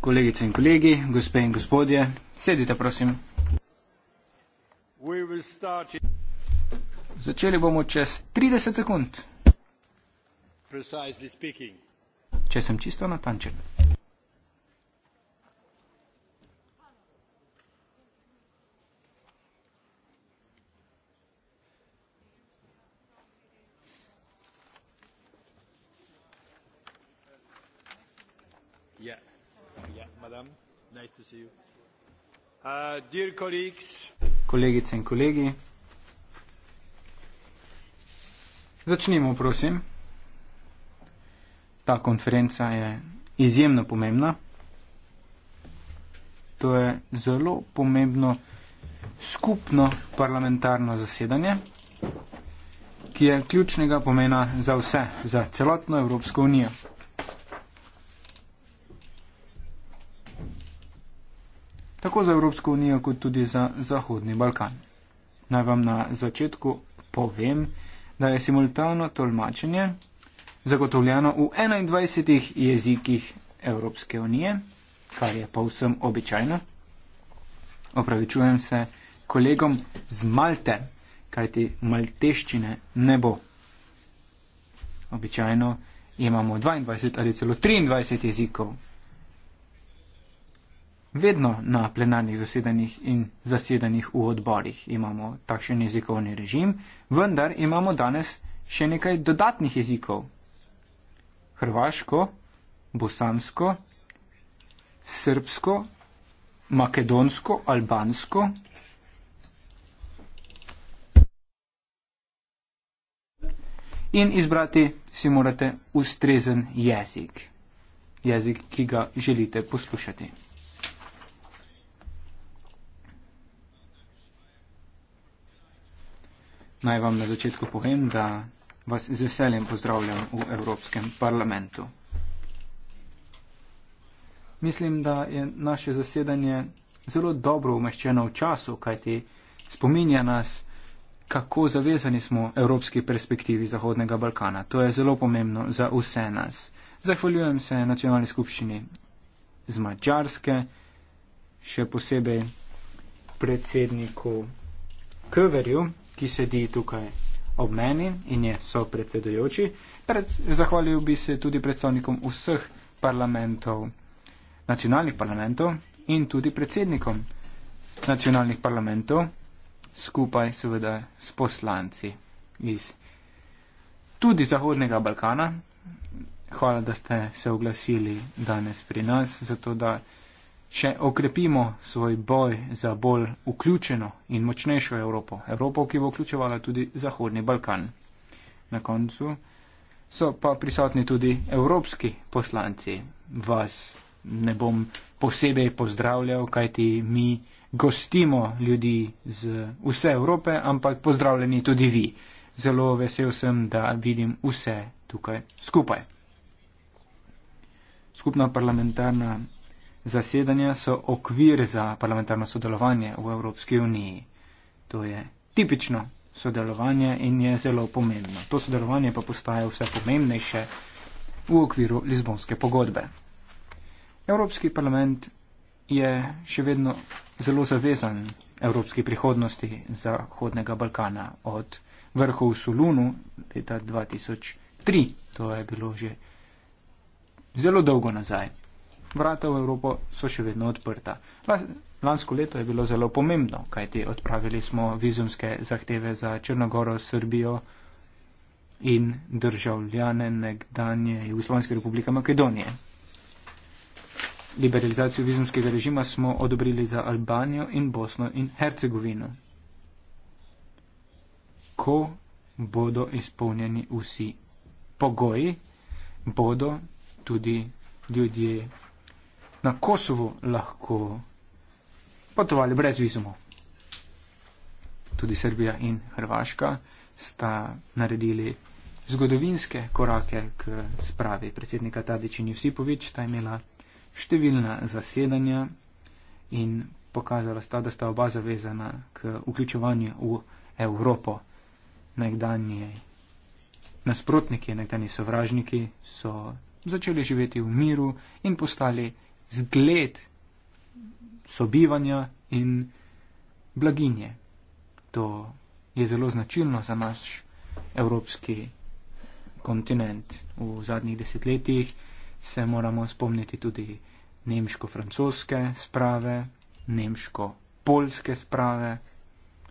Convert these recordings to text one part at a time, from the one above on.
Kolegice in kolegi, gospe in gospodje, sedite prosim. Začeli bomo čez 30 sekund. Če sem čisto natančen. Uh, Kolegice in kolegi, začnimo, prosim. Ta konferenca je izjemno pomembna. To je zelo pomembno skupno parlamentarno zasedanje, ki je ključnega pomena za vse, za celotno Evropsko unijo. tako za Evropsko unijo, kot tudi za Zahodni Balkan. Naj vam na začetku povem, da je simultano tolmačenje zagotovljeno v 21 jezikih Evropske unije, kar je pa vsem običajno. Opravičujem se kolegom z Malte, kajti malteščine ne bo. Običajno imamo 22 ali celo 23 jezikov Vedno na plenarnih zasedanjih in zasedanjih v odborih imamo takšen jezikovni režim, vendar imamo danes še nekaj dodatnih jezikov. Hrvaško, bosansko, srbsko, makedonsko, albansko. In izbrati si morate ustrezen jezik, jezik, ki ga želite poslušati. Naj vam na začetku povem, da vas z veseljem pozdravljam v Evropskem parlamentu. Mislim, da je naše zasedanje zelo dobro umeščeno v času, kajti spominja nas, kako zavezani smo evropski perspektivi Zahodnega Balkana. To je zelo pomembno za vse nas. Zahvaljujem se nacionalni skupščini z Mačarske, še posebej predsedniku Köverju ki sedi tukaj ob meni in je so predsedojoči. Pred, zahvalil bi se tudi predstavnikom vseh parlamentov, nacionalnih parlamentov in tudi predsednikom nacionalnih parlamentov, skupaj seveda s poslanci iz tudi Zahodnega Balkana. Hvala, da ste se oglasili danes pri nas, zato da še okrepimo svoj boj za bolj vključeno in močnejšo Evropo. Evropo, ki bo vključevala tudi Zahodni Balkan. Na koncu so pa prisotni tudi evropski poslanci. Vas ne bom posebej pozdravljal, kajti mi gostimo ljudi z vse Evrope, ampak pozdravljeni tudi vi. Zelo vesel sem, da vidim vse tukaj skupaj. Skupna parlamentarna zasedanja so okvir za parlamentarno sodelovanje v Evropski uniji. To je tipično sodelovanje in je zelo pomembno. To sodelovanje pa postaje vse pomembnejše v okviru Lizbonske pogodbe. Evropski parlament je še vedno zelo zavezan evropski prihodnosti Zahodnega Balkana od vrhu v Solunu leta 2003. To je bilo že zelo dolgo nazaj vrata v Evropo so še vedno odprta. Lansko leto je bilo zelo pomembno, kajti odpravili smo vizumske zahteve za Črnogoro, Srbijo in državljane nekdanje Jugoslovanske republike Makedonije. Liberalizacijo vizumskega režima smo odobrili za Albanijo in Bosno in Hercegovino. Ko bodo izpolnjeni vsi pogoji, bodo tudi ljudje na Kosovo lahko potovali brez vizumov. Tudi Srbija in Hrvaška sta naredili zgodovinske korake k spravi predsednika Tadiči Njusipovič, ta imela številna zasedanja in pokazala sta, da sta oba zavezana k vključevanju v Evropo. Nekdanje nasprotniki, nekdanje sovražniki so začeli živeti v miru in postali zgled sobivanja in blaginje. To je zelo značilno za naš evropski kontinent. V zadnjih desetletjih se moramo spomniti tudi nemško-francoske sprave, nemško-polske sprave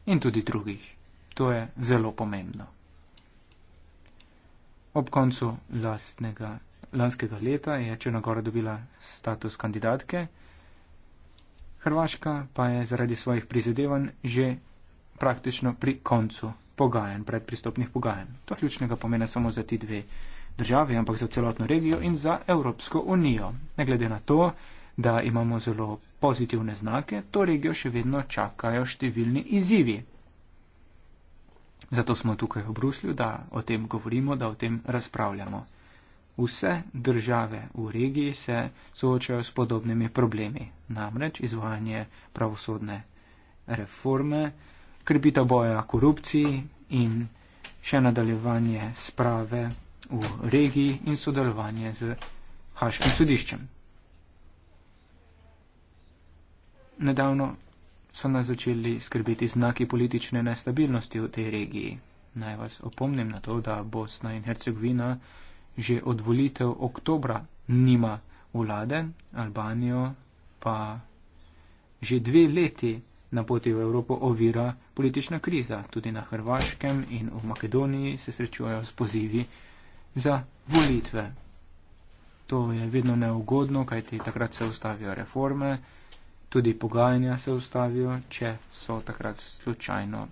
in tudi drugih. To je zelo pomembno. Ob koncu lastnega lanskega leta je Črnagora dobila status kandidatke, Hrvaška pa je zaradi svojih prizadevanj že praktično pri koncu pogajanj, predpristopnih pogajanj. To je ključnega pomena samo za ti dve državi, ampak za celotno regijo in za Evropsko unijo. Ne glede na to, da imamo zelo pozitivne znake, to regijo še vedno čakajo številni izzivi. Zato smo tukaj v Bruslju, da o tem govorimo, da o tem razpravljamo. Vse države v regiji se soočajo s podobnimi problemi, namreč izvajanje pravosodne reforme, krepitev boja korupciji in še nadaljevanje sprave v regiji in sodelovanje z Haškim sodiščem. Nedavno so nas začeli skrbeti znaki politične nestabilnosti v tej regiji. Naj vas opomnim na to, da Bosna in Hercegovina že od volitev oktobra nima vlade, Albanijo pa že dve leti na poti v Evropo ovira politična kriza. Tudi na Hrvaškem in v Makedoniji se srečujejo s pozivi za volitve. To je vedno neugodno, kajti takrat se ustavijo reforme, tudi pogajanja se ustavijo, če so takrat slučajno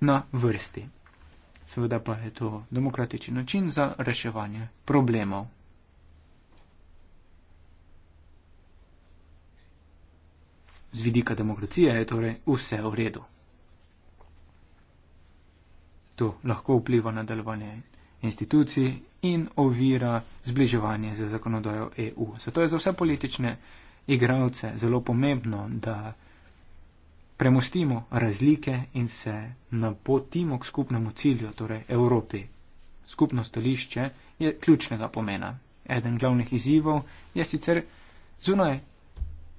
na vrsti seveda pa je to demokratičen način za reševanje problemov. Z vidika demokracije je torej vse v redu. To lahko vpliva na delovanje institucij in ovira zbliževanje z zakonodajo EU. Zato je za vse politične igravce zelo pomembno, da premostimo razlike in se napotimo k skupnemu cilju, torej Evropi. Skupno stališče je ključnega pomena. Eden glavnih izzivov je sicer zunaj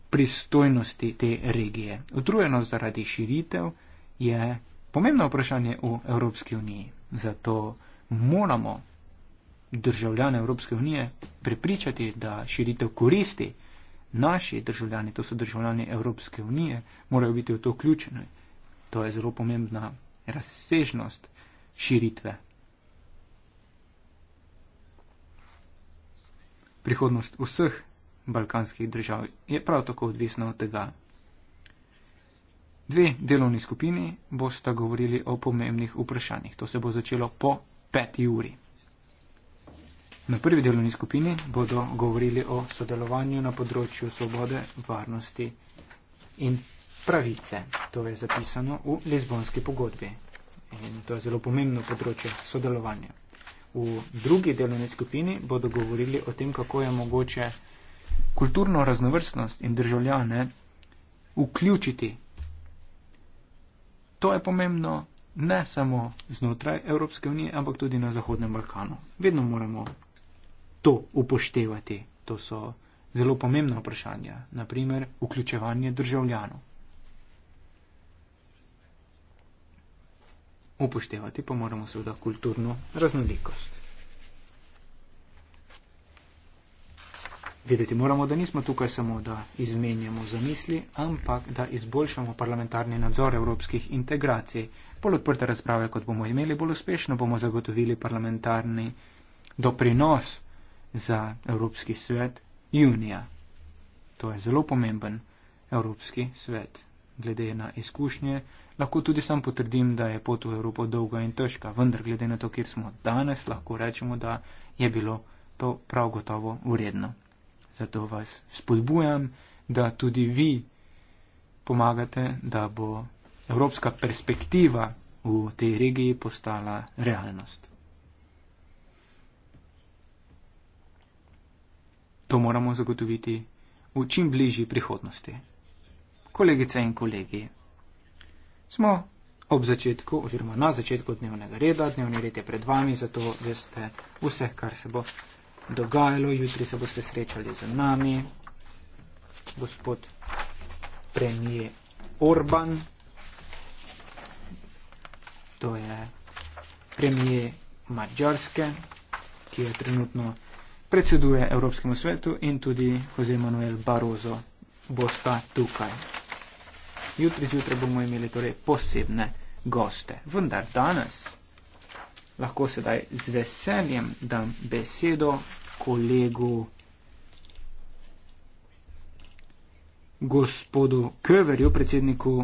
pristojnosti te regije. Utrujenost zaradi širitev je pomembno vprašanje v Evropski uniji. Zato moramo državljane Evropske unije prepričati, da širitev koristi naši državljani, to so državljani Evropske unije, morajo biti v to vključeni. To je zelo pomembna razsežnost širitve. Prihodnost vseh balkanskih držav je prav tako odvisna od tega. Dve delovni skupini bosta govorili o pomembnih vprašanjih. To se bo začelo po peti uri. Na prvi delovni skupini bodo govorili o sodelovanju na področju svobode, varnosti in pravice. To je zapisano v Lizbonski pogodbi. In to je zelo pomembno področje sodelovanja. V drugi delovni skupini bodo govorili o tem, kako je mogoče kulturno raznovrstnost in državljane vključiti. To je pomembno ne samo znotraj Evropske unije, ampak tudi na Zahodnem Balkanu. Vedno moramo to upoštevati? To so zelo pomembna vprašanja, naprimer vključevanje državljanov. Upoštevati pa moramo seveda kulturno raznolikost. Videti moramo, da nismo tukaj samo, da izmenjamo zamisli, ampak da izboljšamo parlamentarni nadzor evropskih integracij. Pol odprte razprave, kot bomo imeli, bolj uspešno bomo zagotovili parlamentarni doprinos za Evropski svet junija. To je zelo pomemben Evropski svet. Glede na izkušnje, lahko tudi sam potrdim, da je pot v Evropo dolga in težka, vendar glede na to, kjer smo danes, lahko rečemo, da je bilo to prav gotovo vredno. Zato vas spodbujam, da tudi vi pomagate, da bo evropska perspektiva v tej regiji postala realnost. To moramo zagotoviti v čim bližji prihodnosti. Kolegice in kolegi, smo ob začetku oziroma na začetku dnevnega reda. Dnevni red je pred vami, zato veste vse, kar se bo dogajalo. Jutri se boste srečali z nami, gospod premije Orban. To je premije Mačarske, ki je trenutno predseduje Evropskemu svetu in tudi Jose Manuel Barozo bosta tukaj. Jutri zjutraj bomo imeli torej posebne goste. Vendar danes lahko sedaj z veseljem dam besedo kolegu gospodu Köverju, predsedniku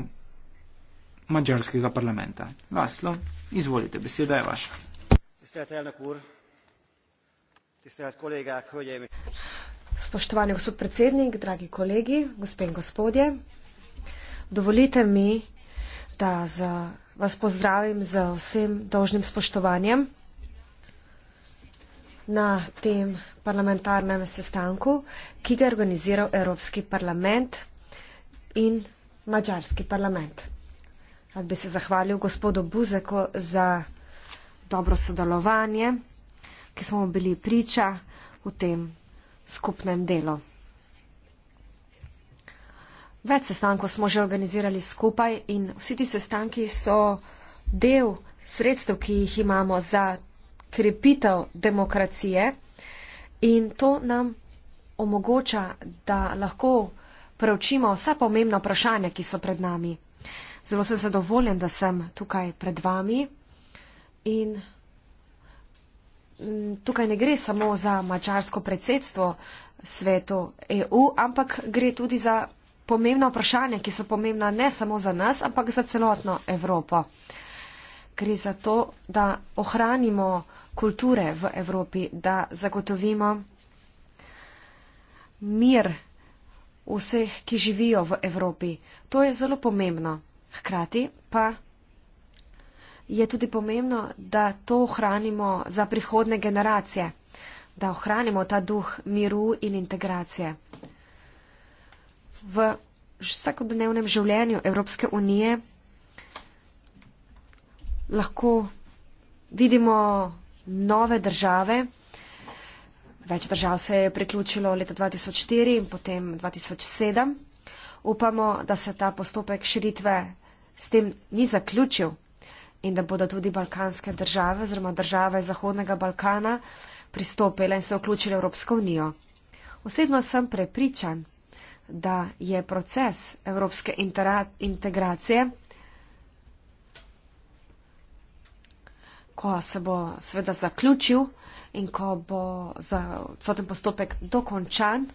mađarskega parlamenta. Laslo, izvolite, beseda je vaša. Zdaj, Spoštovani gospod predsednik, dragi kolegi, gospe in gospodje, dovolite mi, da vas pozdravim z vsem dolžnim spoštovanjem na tem parlamentarnem sestanku, ki ga je organiziral Evropski parlament in Mačarski parlament. Rad bi se zahvalil gospodu Buzeku za dobro sodelovanje ki smo bili priča v tem skupnem delu. Več sestankov smo že organizirali skupaj in vsi ti sestanki so del sredstev, ki jih imamo za krepitev demokracije in to nam omogoča, da lahko preučimo vsa pomembna vprašanja, ki so pred nami. Zelo sem zadovoljen, da sem tukaj pred vami in tukaj ne gre samo za mačarsko predsedstvo svetu EU, ampak gre tudi za pomembna vprašanja, ki so pomembna ne samo za nas, ampak za celotno Evropo. Gre za to, da ohranimo kulture v Evropi, da zagotovimo mir vseh, ki živijo v Evropi. To je zelo pomembno. Hkrati pa je tudi pomembno, da to ohranimo za prihodne generacije, da ohranimo ta duh miru in integracije. V vsakodnevnem življenju Evropske unije lahko vidimo nove države, več držav se je priključilo leta 2004 in potem 2007. Upamo, da se ta postopek širitve s tem ni zaključil in da bodo tudi balkanske države oziroma države Zahodnega Balkana pristopile in se vključile v Evropsko unijo. Osebno sem prepričan, da je proces evropske integracije, ko se bo sveda zaključil in ko bo celoten postopek dokončan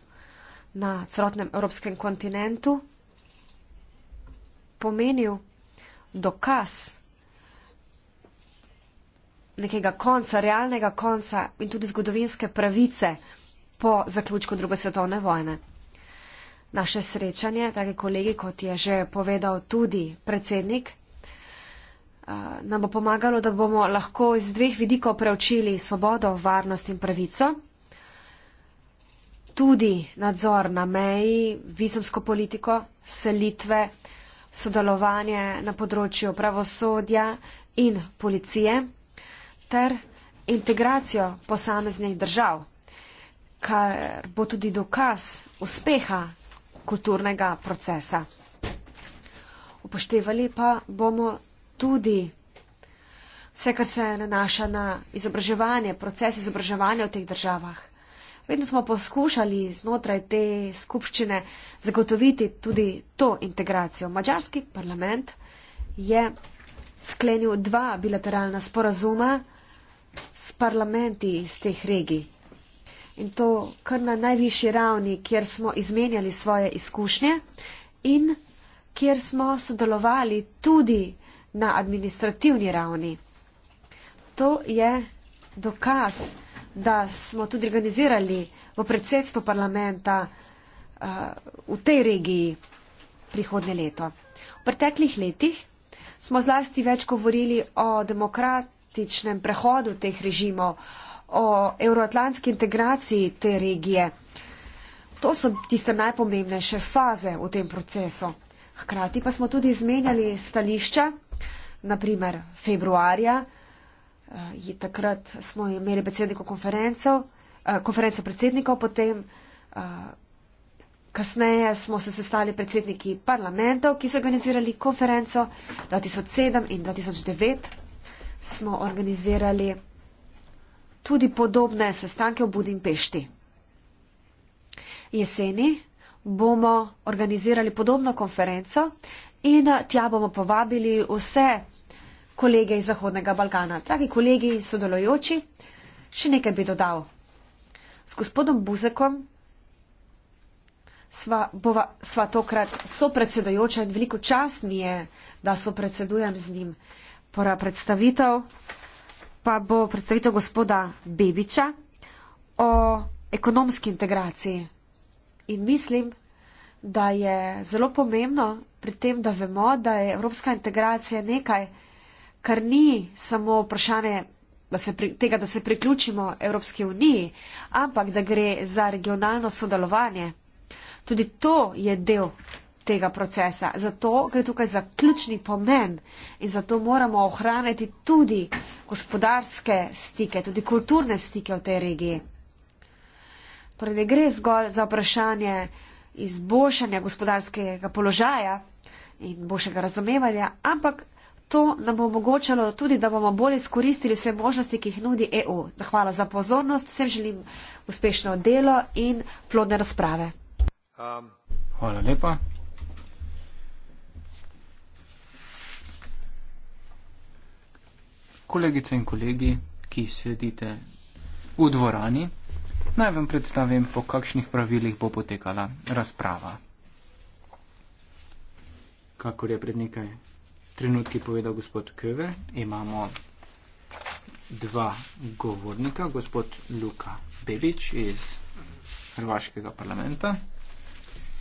na celotnem evropskem kontinentu, pomenil dokaz, nekega konca, realnega konca in tudi zgodovinske pravice po zaključku druge svetovne vojne. Naše srečanje, dragi kolegi, kot je že povedal tudi predsednik, eh, nam bo pomagalo, da bomo lahko iz dveh vidikov preučili svobodo, varnost in pravico, tudi nadzor na meji, vizumsko politiko, selitve, sodelovanje na področju pravosodja in policije ter integracijo posameznih držav, kar bo tudi dokaz uspeha kulturnega procesa. Upoštevali pa bomo tudi vse, kar se nanaša na izobraževanje, proces izobraževanja v teh državah. Vedno smo poskušali znotraj te skupščine zagotoviti tudi to integracijo. Mačarski parlament je sklenil dva bilateralna sporazuma s parlamenti iz teh regij. In to kar na najvišji ravni, kjer smo izmenjali svoje izkušnje in kjer smo sodelovali tudi na administrativni ravni. To je dokaz, da smo tudi organizirali v predsedstvo parlamenta uh, v tej regiji prihodne leto. V preteklih letih smo zlasti več govorili o demokrat, političnem prehodu teh režimov, o euroatlantski integraciji te regije. To so tiste najpomembnejše faze v tem procesu. Hkrati pa smo tudi izmenjali stališča, naprimer februarja, eh, je takrat smo imeli predsedniko konferenco, eh, konferenco predsednikov, potem eh, kasneje smo se sestali predsedniki parlamentov, ki so organizirali konferenco 2007 in 2009 smo organizirali tudi podobne sestanke v Budimpešti. Jeseni bomo organizirali podobno konferenco in eh, tja bomo povabili vse kolege iz Zahodnega Balkana. Dragi kolegi in sodelujoči, še nekaj bi dodal. S gospodom Buzekom sva, bova, sva tokrat sopredsedujoča in veliko čast mi je, da sopredsedujem z njim prva torej, predstavitev pa bo predstavitev gospoda Bebiča o ekonomski integraciji. In mislim, da je zelo pomembno pri tem, da vemo, da je evropska integracija nekaj, kar ni samo vprašanje da pri, tega, da se priključimo Evropski uniji, ampak da gre za regionalno sodelovanje. Tudi to je del tega procesa. Zato gre tukaj za ključni pomen in zato moramo ohraniti tudi gospodarske stike, tudi kulturne stike v tej regiji. Torej ne gre zgolj za vprašanje izboljšanja gospodarskega položaja in boljšega razumevanja, ampak to nam bo omogočalo tudi, da bomo bolje izkoristili vse možnosti, ki jih nudi EU. Zahvala za pozornost, vsem želim uspešno delo in plodne razprave. Um. Hvala lepa. kolegice in kolegi, ki sedite v dvorani, naj vam predstavim, po kakšnih pravilih bo potekala razprava. Kakor je pred nekaj trenutki povedal gospod Köver, imamo dva govornika, gospod Luka Bebič iz Hrvaškega parlamenta.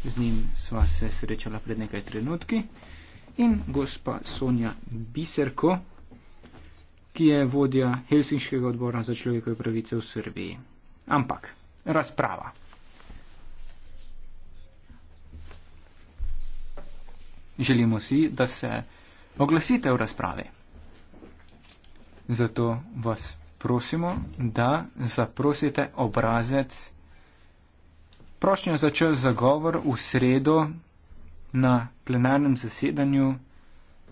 Z njim sva se srečala pred nekaj trenutki. In gospa Sonja Biserko, ki je vodja Helsinškega odbora za človekove pravice v Srbiji. Ampak razprava. Želimo si, da se oglasite v razprave. Zato vas prosimo, da zaprosite obrazec prošnjo za čas za govor v sredo na plenarnem zasedanju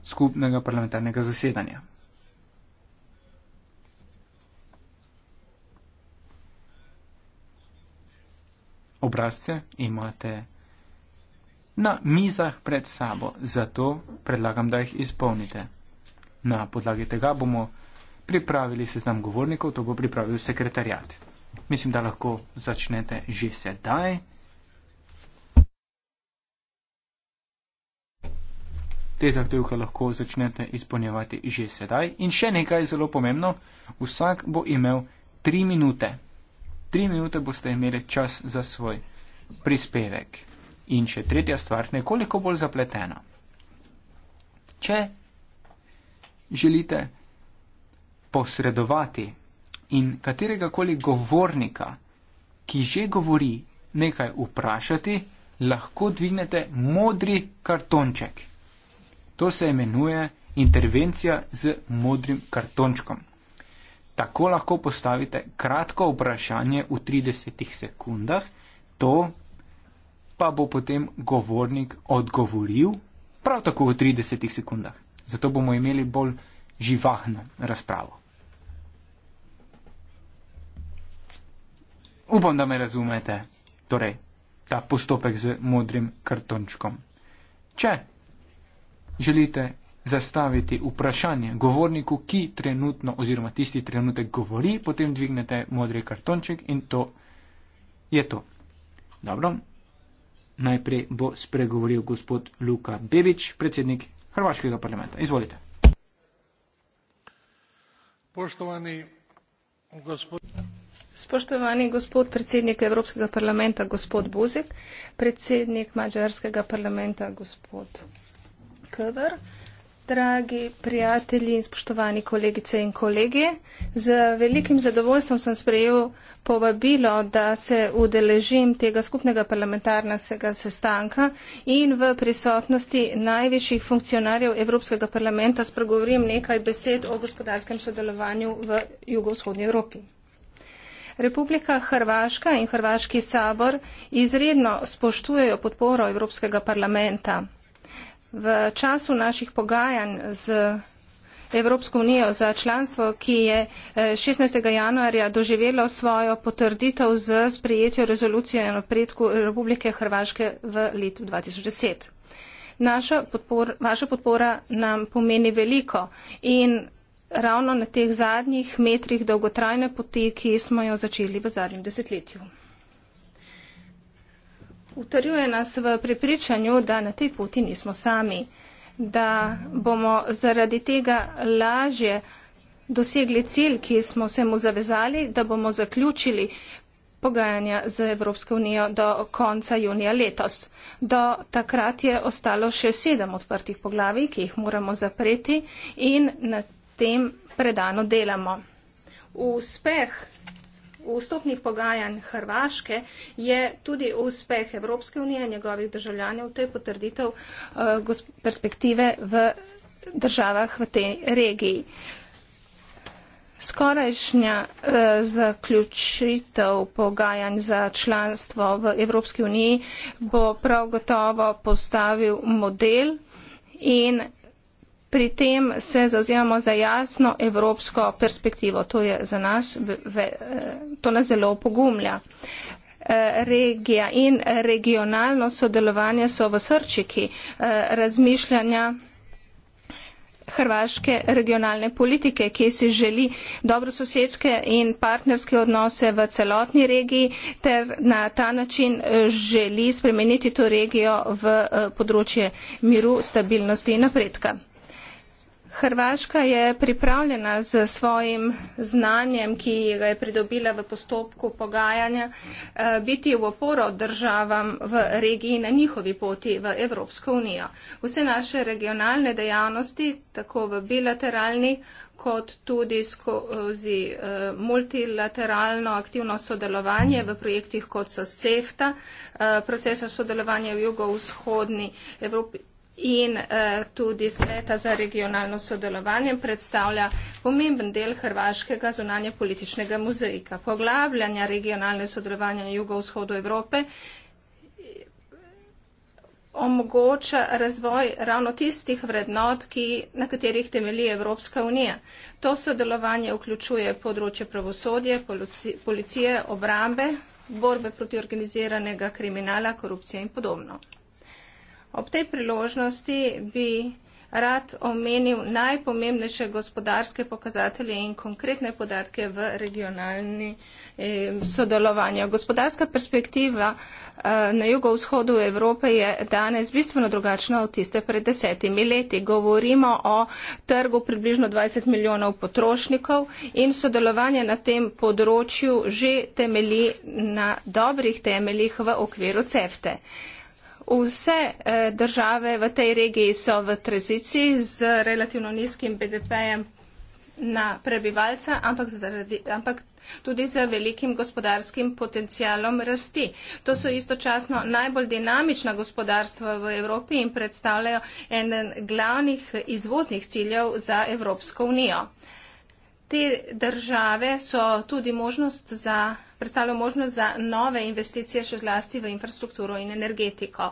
skupnega parlamentarnega zasedanja. obrazce imate na mizah pred sabo, zato predlagam, da jih izpolnite. Na podlagi tega bomo pripravili seznam govornikov, to bo pripravil sekretarjat. Mislim, da lahko začnete že sedaj. Te zahtevke lahko začnete izpolnjevati že sedaj. In še nekaj zelo pomembno, vsak bo imel tri minute tri minute boste imeli čas za svoj prispevek. In še tretja stvar, nekoliko bolj zapletena. Če želite posredovati in katerega koli govornika, ki že govori, nekaj vprašati, lahko dvignete modri kartonček. To se imenuje intervencija z modrim kartončkom. Tako lahko postavite kratko vprašanje v 30 sekundah, to pa bo potem govornik odgovoril prav tako v 30 sekundah. Zato bomo imeli bolj živahno razpravo. Upam, da me razumete. Torej, ta postopek z modrim kartončkom. Če želite zastaviti vprašanje govorniku, ki trenutno oziroma tisti trenutek govori, potem dvignete modri kartonček in to je to. Dobro, najprej bo spregovoril gospod Luka Bebič, predsednik Hrvaškega parlamenta. Izvolite. Poštovani gospod. Spoštovani gospod predsednik Evropskega parlamenta, gospod Buzik, predsednik Mađarskega parlamenta, gospod Kvr. Dragi prijatelji in spoštovani kolegice in kolegi, z velikim zadovoljstvom sem sprejel povabilo, da se udeležim tega skupnega parlamentarnega sestanka in v prisotnosti najvišjih funkcionarjev Evropskega parlamenta spregovorim nekaj besed o gospodarskem sodelovanju v jugovzhodni Evropi. Republika Hrvaška in Hrvaški sabor izredno spoštujejo podporo Evropskega parlamenta v času naših pogajanj z Evropsko unijo za članstvo, ki je 16. Eh, januarja doživelo svojo potrditev z sprejetjo rezolucije o napredku Republike Hrvaške v letu 2010. Naša podpor, vaša podpora nam pomeni veliko in ravno na teh zadnjih metrih dolgotrajne poti, ki smo jo začeli v zadnjem desetletju. Utrjuje nas v prepričanju, da na tej poti nismo sami, da bomo zaradi tega lažje dosegli cilj, ki smo se mu zavezali, da bomo zaključili pogajanja z Evropsko unijo do konca junija letos. Do takrat je ostalo še sedem odprtih poglavij, ki jih moramo zapreti in na tem predano delamo. Uspeh vstopnih pogajanj Hrvaške je tudi uspeh Evropske unije in njegovih državljanov, to je potrditev uh, perspektive v državah v tej regiji. Skorajšnja uh, zaključitev pogajanj za članstvo v Evropski uniji bo prav gotovo postavil model in Pri tem se zauzemamo za jasno evropsko perspektivo. To, za nas, eh, to nas zelo pogumlja. Eh, regija in regionalno sodelovanje so v srčiki eh, razmišljanja. Hrvaške regionalne politike, ki si želi dobrososedske in partnerske odnose v celotni regiji ter na ta način želi spremeniti to regijo v področje miru, stabilnosti in napredka. Hrvaška je pripravljena z svojim znanjem, ki ga je pridobila v postopku pogajanja, eh, biti v oporo državam v regiji na njihovi poti v Evropsko unijo. Vse naše regionalne dejavnosti, tako v bilateralni kot tudi skozi eh, multilateralno aktivno sodelovanje v projektih kot so SEFTA, eh, procesa sodelovanja v jugovzhodni Evropi in eh, tudi Sveta za regionalno sodelovanje predstavlja pomemben del hrvaškega zunanje političnega muzejika. Poglavljanja regionalne sodelovanja jugovzhodu Evrope eh, omogoča razvoj ravno tistih vrednot, ki, na katerih temelji Evropska unija. To sodelovanje vključuje področje pravosodje, policije, policije obrambe, borbe proti organiziranega kriminala, korupcije in podobno. Ob tej priložnosti bi rad omenil najpomembnejše gospodarske pokazatelje in konkretne podatke v regionalni eh, sodelovanju. Gospodarska perspektiva eh, na jugovzhodu Evrope je danes bistveno drugačna od tiste pred desetimi leti. Govorimo o trgu približno 20 milijonov potrošnikov in sodelovanje na tem področju že temeli na dobrih temeljih v okviru CEFTE. Vse eh, države v tej regiji so v tranziciji z relativno nizkim BDP-jem na prebivalca, ampak, zaradi, ampak tudi z velikim gospodarskim potencialom rasti. To so istočasno najbolj dinamična gospodarstva v Evropi in predstavljajo eden glavnih izvoznih ciljev za Evropsko unijo. Te države so tudi možnost za predstavljajo možnost za nove investicije še zlasti v infrastrukturo in energetiko.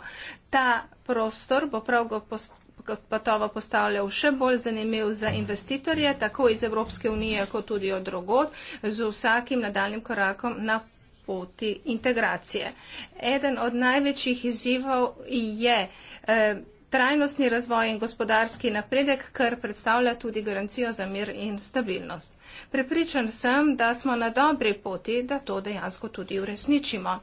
Ta prostor bo prav gotovo postavljal še bolj zanimiv za investitorje, tako iz Evropske unije, kot tudi od drugod, z vsakim nadaljnim korakom na poti integracije. Eden od največjih izzivov je eh, trajnostni razvoj in gospodarski napredek, kar predstavlja tudi garancijo za mir in stabilnost. Prepričan sem, da smo na dobri poti, da to dejansko tudi uresničimo.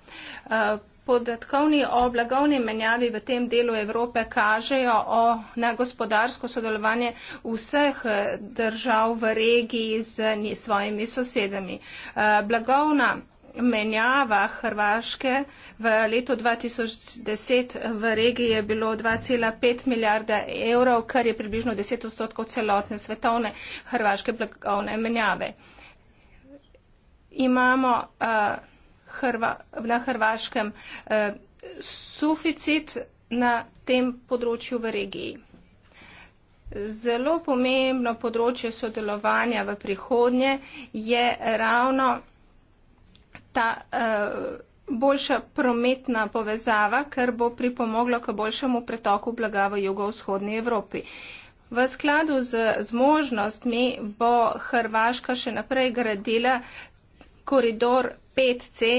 Eh, podatkovni o blagovni menjavi v tem delu Evrope kažejo o, na gospodarsko sodelovanje vseh eh, držav v regiji z svojimi sosedami. Eh, blagovna menjava Hrvaške v letu 2010 v regiji je bilo 2,5 milijarde evrov, kar je približno 10 odstotkov celotne svetovne hrvaške blagovne menjave. Imamo uh, hrva, na Hrvaškem uh, suficit na tem področju v regiji. Zelo pomembno področje sodelovanja v prihodnje je ravno ta uh, boljša prometna povezava, ker bo pripomoglo k boljšemu pretoku blaga v jugovzhodni Evropi. V skladu z zmožnostmi bo Hrvaška še naprej gradila koridor 5C,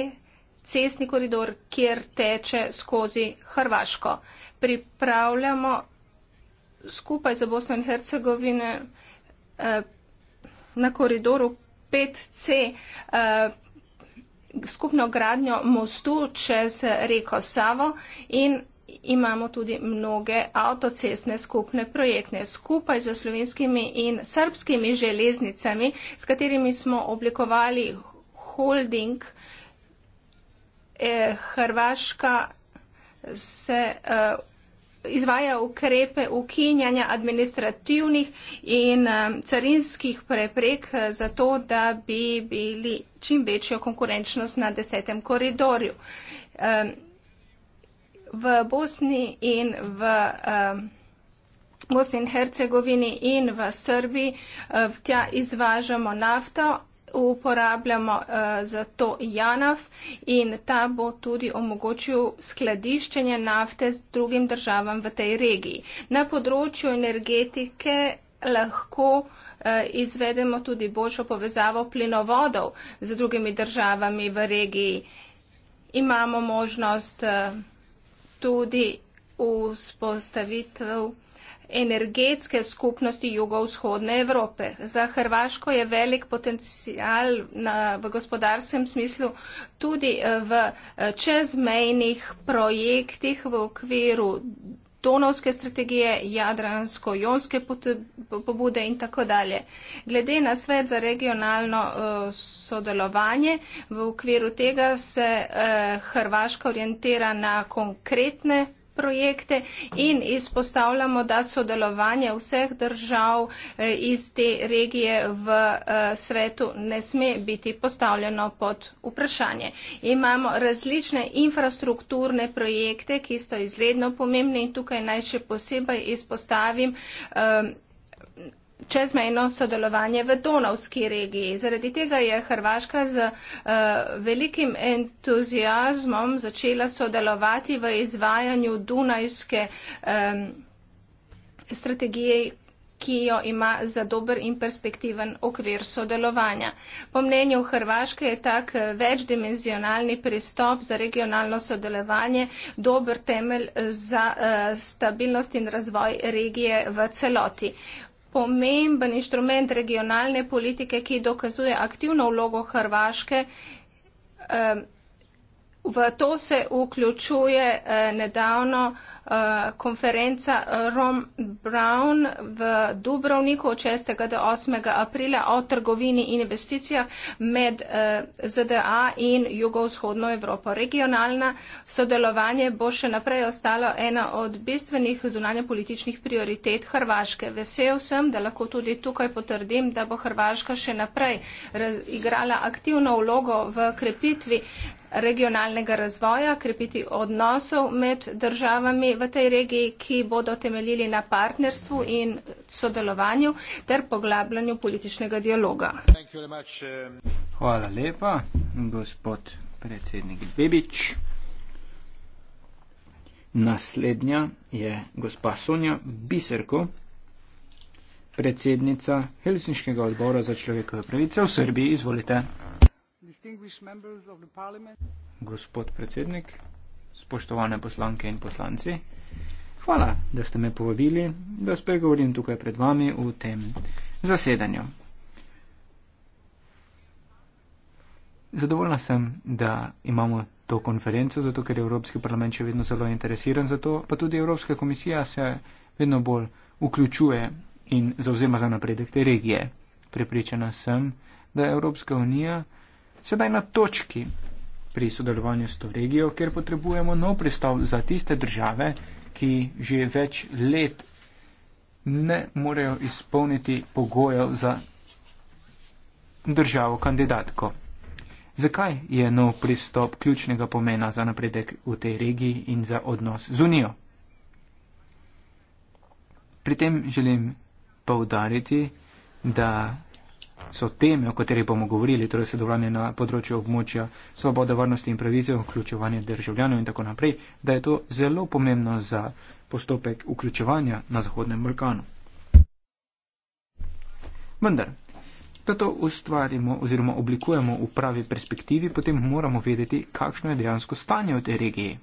cestni koridor, kjer teče skozi Hrvaško. Pripravljamo skupaj za Bosno in Hercegovino eh, na koridoru 5C eh, skupno gradnjo mostu čez reko Savo in imamo tudi mnoge avtocestne skupne projekte skupaj z slovenskimi in srbskimi železnicami, s katerimi smo oblikovali holding eh, Hrvaška se eh, izvaja ukrepe ukinjanja administrativnih in um, carinskih preprek eh, za to, da bi bili čim večjo konkurenčnost na desetem koridorju. Um, v Bosni in v um, Bosni in Hercegovini in v Srbiji eh, tja izvažamo nafto, uporabljamo uh, za to JANAF in ta bo tudi omogočil skladiščenje nafte z drugim državam v tej regiji. Na področju energetike lahko eh, izvedemo tudi boljšo povezavo plinovodov z drugimi državami v regiji. Imamo možnost eh, tudi vzpostavitev energetske skupnosti jugovzhodne Evrope. Za Hrvaško je velik potencial na, v gospodarskem smislu tudi eh, v eh, čezmejnih projektih v okviru tonovske strategije, jadransko-jonske pobude in tako dalje. Glede na svet za regionalno eh, sodelovanje, v okviru tega se Hrvaška orientira na konkretne projekte in izpostavljamo, da sodelovanje vseh držav eh, iz te regije v eh, svetu ne sme biti postavljeno pod vprašanje. Imamo različne infrastrukturne projekte, ki so izredno pomembni in tukaj naj še posebej izpostavim eh, čezmejno sodelovanje v Donavski regiji. Zaradi tega je Hrvaška z uh, velikim entuzijazmom začela sodelovati v izvajanju Dunajske um, strategije ki jo ima za dober in perspektiven okvir sodelovanja. Po mnenju Hrvaške je tak eh, večdimenzionalni pristop za regionalno sodelovanje dober temelj za eh, stabilnost in razvoj regije v celoti pomemben inštrument regionalne politike, ki dokazuje aktivno vlogo Hrvaške. Eh, v to se vključuje eh, nedavno Eh, konferenca eh, Rom Brown v Dubrovniku od 6. do 8. aprila o trgovini in investicijah med eh, ZDA in jugovzhodno Evropo. Regionalna sodelovanje bo še naprej ostalo ena od bistvenih zunanje političnih prioritet Hrvaške. Vesel sem, da lahko tudi tukaj potrdim, da bo Hrvaška še naprej igrala aktivno vlogo v krepitvi regionalnega razvoja, krepiti odnosov med državami v tej regiji, ki bodo temeljili na partnerstvu in sodelovanju ter poglabljanju političnega dialoga. Much, uh... Hvala lepa, gospod predsednik Bebič. Naslednja je gospa Sonja Biserko, predsednica Helsinškega odbora za človekove pravice v Srbiji. Izvolite. Gospod predsednik, spoštovane poslanke in poslanci. Hvala, da ste me povabili, da spregovorim tukaj pred vami v tem zasedanju. Zadovoljna sem, da imamo to konferenco, zato ker je Evropski parlament še vedno zelo interesiran za to, pa tudi Evropska komisija se vedno bolj vključuje in zauzema za napredek te regije. Prepričana sem, da je Evropska unija sedaj na točki, pri sodelovanju s to regijo, ker potrebujemo nov pristop za tiste države, ki že več let ne morejo izpolniti pogojev za državo kandidatko. Zakaj je nov pristop ključnega pomena za napredek v tej regiji in za odnos z Unijo? Pri tem želim poudariti, da so teme, o kateri bomo govorili, torej sodelovanje na področju območja svobode, varnosti in pravice, vključevanje državljanov in tako naprej, da je to zelo pomembno za postopek vključevanja na Zahodnem Balkanu. Vendar, da to ustvarimo oziroma oblikujemo v pravi perspektivi, potem moramo vedeti, kakšno je dejansko stanje v tej regiji.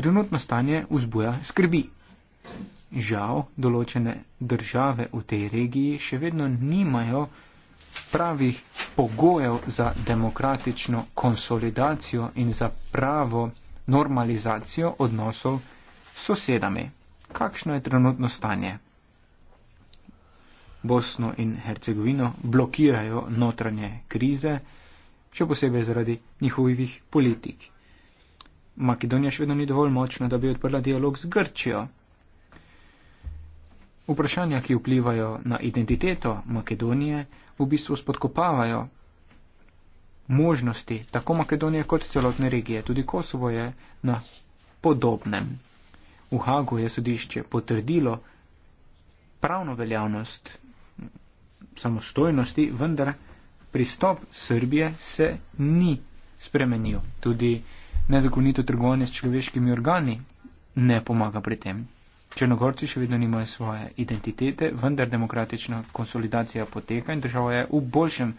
Trenutno stanje vzbuja skrbi. Žal, določene države v tej regiji še vedno nimajo pravih pogojev za demokratično konsolidacijo in za pravo normalizacijo odnosov s sosedami. Kakšno je trenutno stanje? Bosno in Hercegovino blokirajo notranje krize, še posebej zaradi njihovih politik. Makedonija še vedno ni dovolj močna, da bi odprla dialog z Grčijo. Vprašanja, ki vplivajo na identiteto Makedonije, v bistvu spodkopavajo možnosti tako Makedonije kot celotne regije. Tudi Kosovo je na podobnem. V Hagu je sodišče potrdilo pravno veljavnost samostojnosti, vendar pristop Srbije se ni spremenil. Tudi nezakonito trgovanje s človeškimi organi ne pomaga pri tem. Črnogorci še vedno nimajo svoje identitete, vendar demokratična konsolidacija poteka in država je v boljšem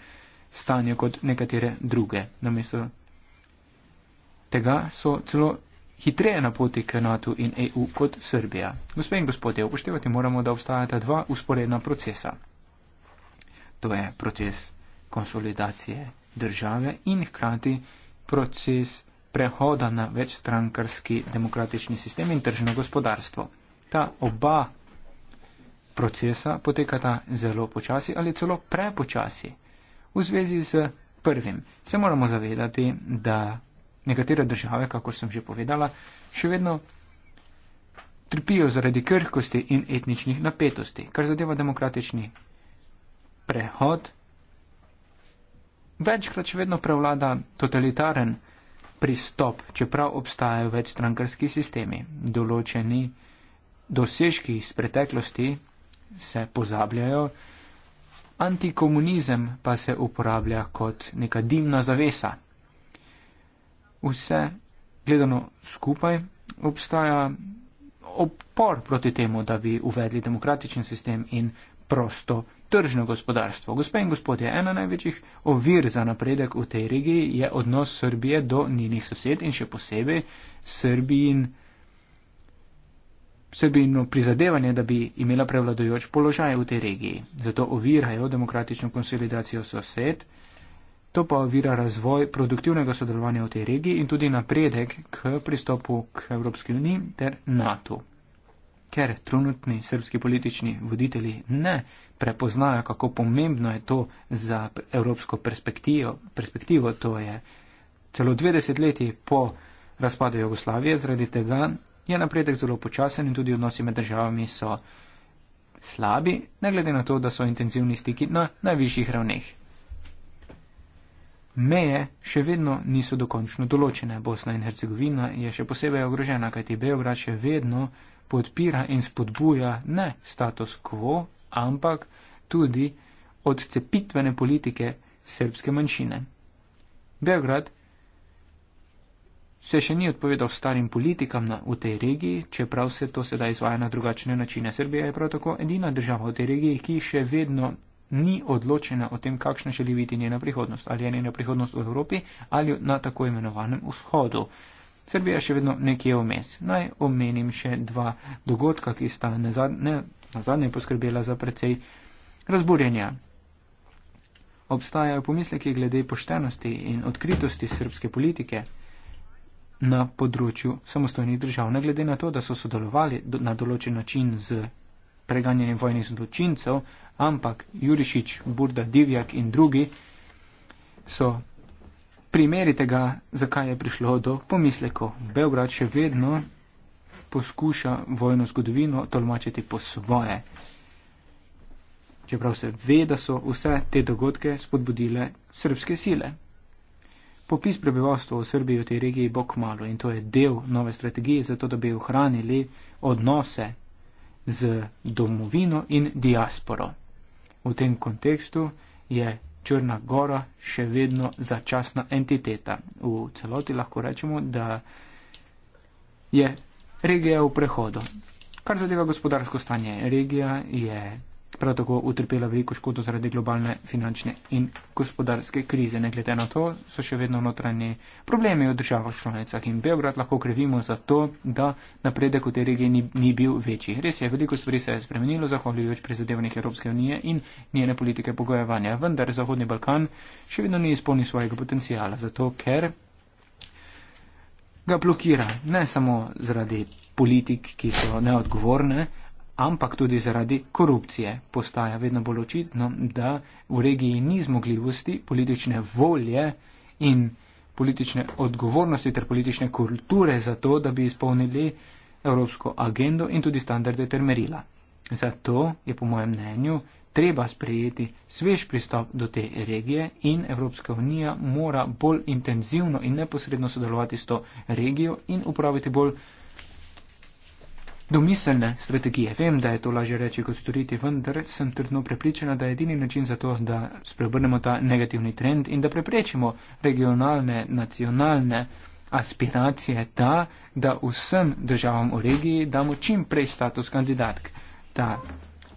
stanju kot nekatere druge. Namesto tega so celo hitreje na poti k NATO in EU kot Srbija. Gospe in gospodje, upoštevati moramo, da obstajata dva usporedna procesa. To je proces konsolidacije države in hkrati proces prehoda na večstrankarski demokratični sistem in tržno gospodarstvo ta oba procesa potekata zelo počasi ali celo prepočasi. V zvezi z prvim se moramo zavedati, da nekatere države, kako sem že povedala, še vedno trpijo zaradi krhkosti in etničnih napetosti, kar zadeva demokratični prehod. Večkrat še vedno prevlada totalitaren pristop, čeprav obstajajo večstrankarski sistemi, določeni dosežki iz preteklosti se pozabljajo, antikomunizem pa se uporablja kot neka dimna zavesa. Vse gledano skupaj obstaja opor proti temu, da bi uvedli demokratičen sistem in prosto tržno gospodarstvo. Gospe in gospodje, ena največjih ovir za napredek v tej regiji je odnos Srbije do njenih sosed in še posebej Srbijin in srbino prizadevanje, da bi imela prevladojoč položaj v tej regiji. Zato ovirajo demokratično konsolidacijo sosed, to pa ovira razvoj produktivnega sodelovanja v tej regiji in tudi napredek k pristopu k Evropski uniji ter NATO. Ker trenutni srbski politični voditelji ne prepoznajo, kako pomembno je to za evropsko perspektivo, perspektivo to je celo 20 leti po razpadu Jugoslavije, zaradi tega je napredek zelo počasen in tudi odnosi med državami so slabi, ne glede na to, da so intenzivni stiki na najvišjih ravneh. Meje še vedno niso dokončno določene. Bosna in Hercegovina je še posebej ogrožena, kajti Beograd še vedno podpira in spodbuja ne status quo, ampak tudi odcepitvene politike srpske manjšine. Beograd se še ni odpovedal starim politikam na, v tej regiji, čeprav se to sedaj izvaja na drugačne načine. Srbija je prav tako edina država v tej regiji, ki še vedno ni odločena o tem, kakšna želi biti njena prihodnost, ali je njena prihodnost v Evropi ali na tako imenovanem vzhodu. Srbija še vedno nekje vmes. Naj omenim še dva dogodka, ki sta na zadnje poskrbela za precej razburjenja. Obstajajo pomisleki glede poštenosti in odkritosti srpske politike na področju samostojnih držav. Ne glede na to, da so sodelovali do, na določen način z preganjanjem vojnih zločincev, ampak Jurišič, Burda, Divjak in drugi so primeri tega, zakaj je prišlo do pomisleko. Belgrad še vedno poskuša vojno zgodovino tolmačiti po svoje. Čeprav se ve, da so vse te dogodke spodbudile srpske sile popis prebivalstva v Srbiji v tej regiji bo k malu in to je del nove strategije za to, da bi ohranili odnose z domovino in diasporo. V tem kontekstu je Črna Gora še vedno začasna entiteta. V celoti lahko rečemo, da je regija v prehodu. Kar zadeva gospodarsko stanje, regija je prav tako utrpela veliko škodo zaradi globalne finančne in gospodarske krize. Ne glede na to, so še vedno notranje probleme v državah članicah in Beograd lahko krivimo za to, da napredek v tej regiji ni, ni bil večji. Res je, veliko stvari se je spremenilo zahvaljujoč prizadevanjih Evropske unije in njene politike pogojevanja, vendar Zahodni Balkan še vedno ni izpolnil svojega potencijala, zato ker ga blokira ne samo zaradi politik, ki so neodgovorne, ampak tudi zaradi korupcije postaja vedno bolj očitno, da v regiji ni zmogljivosti politične volje in politične odgovornosti ter politične kulture za to, da bi izpolnili evropsko agendo in tudi standarde ter merila. Zato je po mojem mnenju treba sprejeti svež pristop do te regije in Evropska unija mora bolj intenzivno in neposredno sodelovati s to regijo in upraviti bolj domiselne strategije. Vem, da je to lažje reči kot storiti, vendar sem trdno prepričana, da je edini način za to, da spreobrnemo ta negativni trend in da preprečimo regionalne, nacionalne aspiracije ta, da vsem državam v regiji damo čim prej status kandidatk. Ta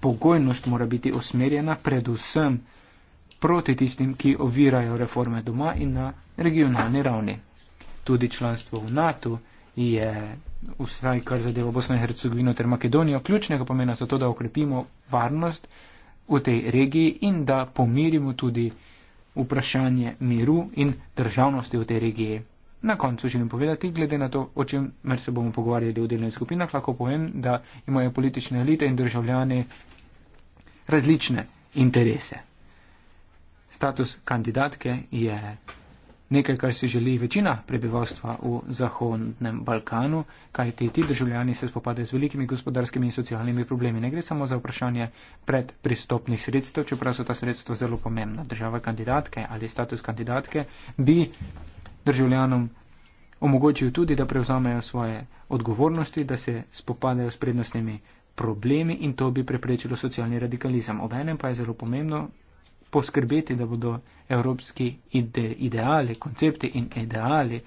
pogojnost mora biti usmerjena predvsem proti tistim, ki ovirajo reforme doma in na regionalni ravni. Tudi članstvo v NATO je vsaj kar zadeva Bosno in Hercegovino ter Makedonijo, ključnega pomena za to, da okrepimo varnost v tej regiji in da pomirimo tudi vprašanje miru in državnosti v tej regiji. Na koncu želim povedati, glede na to, o čem se bomo pogovarjali v delnih skupinah, lahko povem, da imajo politične elite in državljani različne interese. Status kandidatke je nekaj, kar si želi večina prebivalstva v Zahodnem Balkanu, kaj ti ti državljani se spopadajo z velikimi gospodarskimi in socialnimi problemi. Ne gre samo za vprašanje predpristopnih sredstev, čeprav so ta sredstva zelo pomembna. Država kandidatke ali status kandidatke bi državljanom omogočil tudi, da prevzamejo svoje odgovornosti, da se spopadajo s prednostnimi problemi in to bi preprečilo socialni radikalizem. Obenem pa je zelo pomembno, poskrbeti, da bodo evropski ide, ideali, koncepti in ideali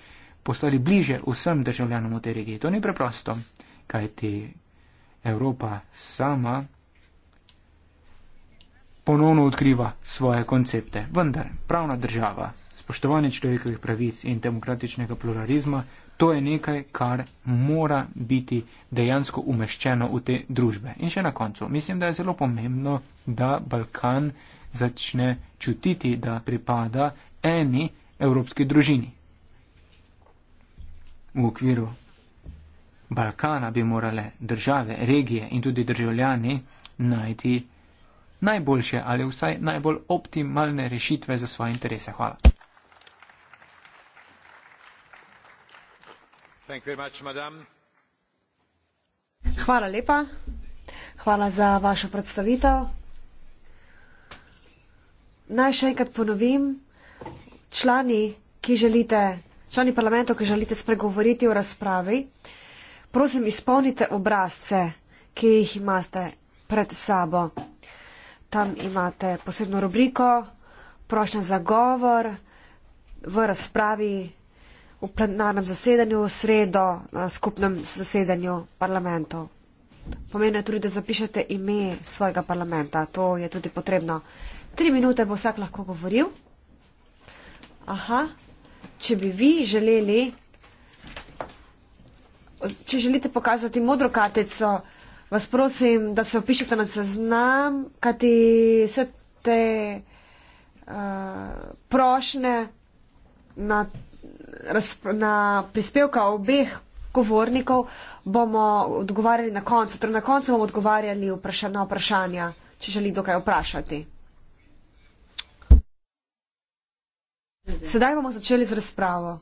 postali bliže vsem državljanom v tej regiji. To ni preprosto, kajti Evropa sama ponovno odkriva svoje koncepte. Vendar, pravna država, spoštovanje človekovih pravic in demokratičnega pluralizma, to je nekaj, kar mora biti dejansko umeščeno v te družbe. In še na koncu, mislim, da je zelo pomembno, da Balkan eh, začne čutiti, da pripada eni evropski družini. V okviru Balkana bi morale države, regije in tudi državljani najti najboljše ali vsaj najbolj optimalne rešitve za svoje interese. Hvala. Hvala lepa. Hvala za vašo predstavitev naj še enkrat ponovim, člani, ki želite, člani parlamentov, ki želite spregovoriti o razpravi, prosim, izpolnite obrazce, ki jih imate pred sabo. Tam imate posebno rubriko, prošnja za govor v razpravi v plenarnem zasedanju, v sredo na skupnem zasedanju parlamentov. Pomembno je tudi, da zapišete ime svojega parlamenta. To je tudi potrebno. Tri minute bo vsak lahko govoril. Aha, če bi vi želeli, če želite pokazati modro katico, vas prosim, da se opišete na seznam, kajti vse te uh, eh, prošne na, na prispevka obeh govornikov bomo odgovarjali na koncu. Torej na koncu bomo odgovarjali vpraša na vprašanja, če želi dokaj vprašati. Sedaj bomo začeli z razpravo.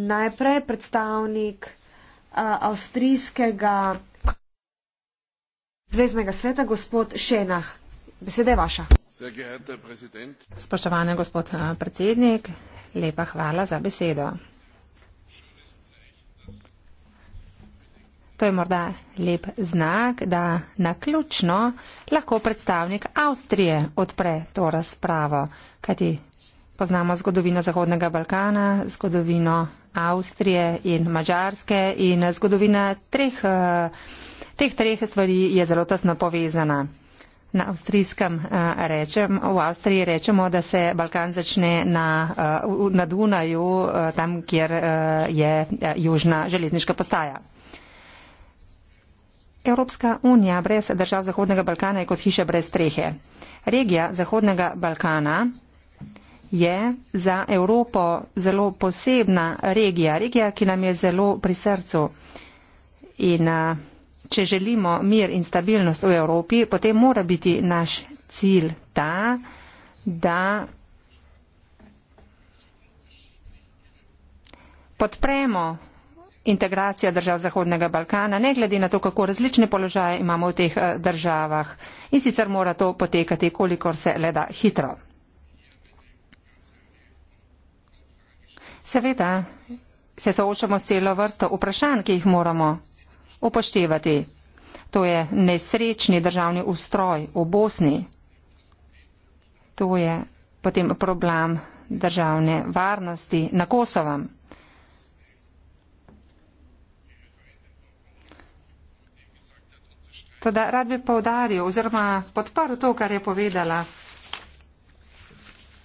Najprej predstavnik uh, avstrijskega zvezdnega sveta, gospod Šenah. Beseda je vaša. Spoštovane gospod predsednik, lepa hvala za besedo. To je morda lep znak, da naključno lahko predstavnik Avstrije odpre to razpravo, kajti poznamo zgodovino Zahodnega Balkana, zgodovino Avstrije in Mačarske in zgodovina treh, eh, teh treh stvari je zelo tesno povezana. Na avstrijskem eh, rečem, v Avstriji rečemo, da se Balkan začne na, eh, na Dunaju, tam, kjer je južna železniška postaja. Evropska unija brez držav Zahodnega Balkana je kot hiša brez strehe. Regija Zahodnega Balkana je za Evropo zelo posebna regija, regija, ki nam je zelo pri srcu. In eh, če želimo mir in stabilnost v Evropi, potem mora biti naš cilj ta, da podpremo integracijo držav Zahodnega Balkana, ne glede na to, kako različne položaje imamo v teh eh, državah. In sicer mora to potekati, kolikor se le da hitro. Seveda se soočamo s celo vrsto vprašanj, ki jih moramo upoštevati. To je nesrečni državni ustroj v Bosni. To je potem problem državne varnosti na Kosovam. Toda rad bi povdaril oziroma podprl to, kar je povedala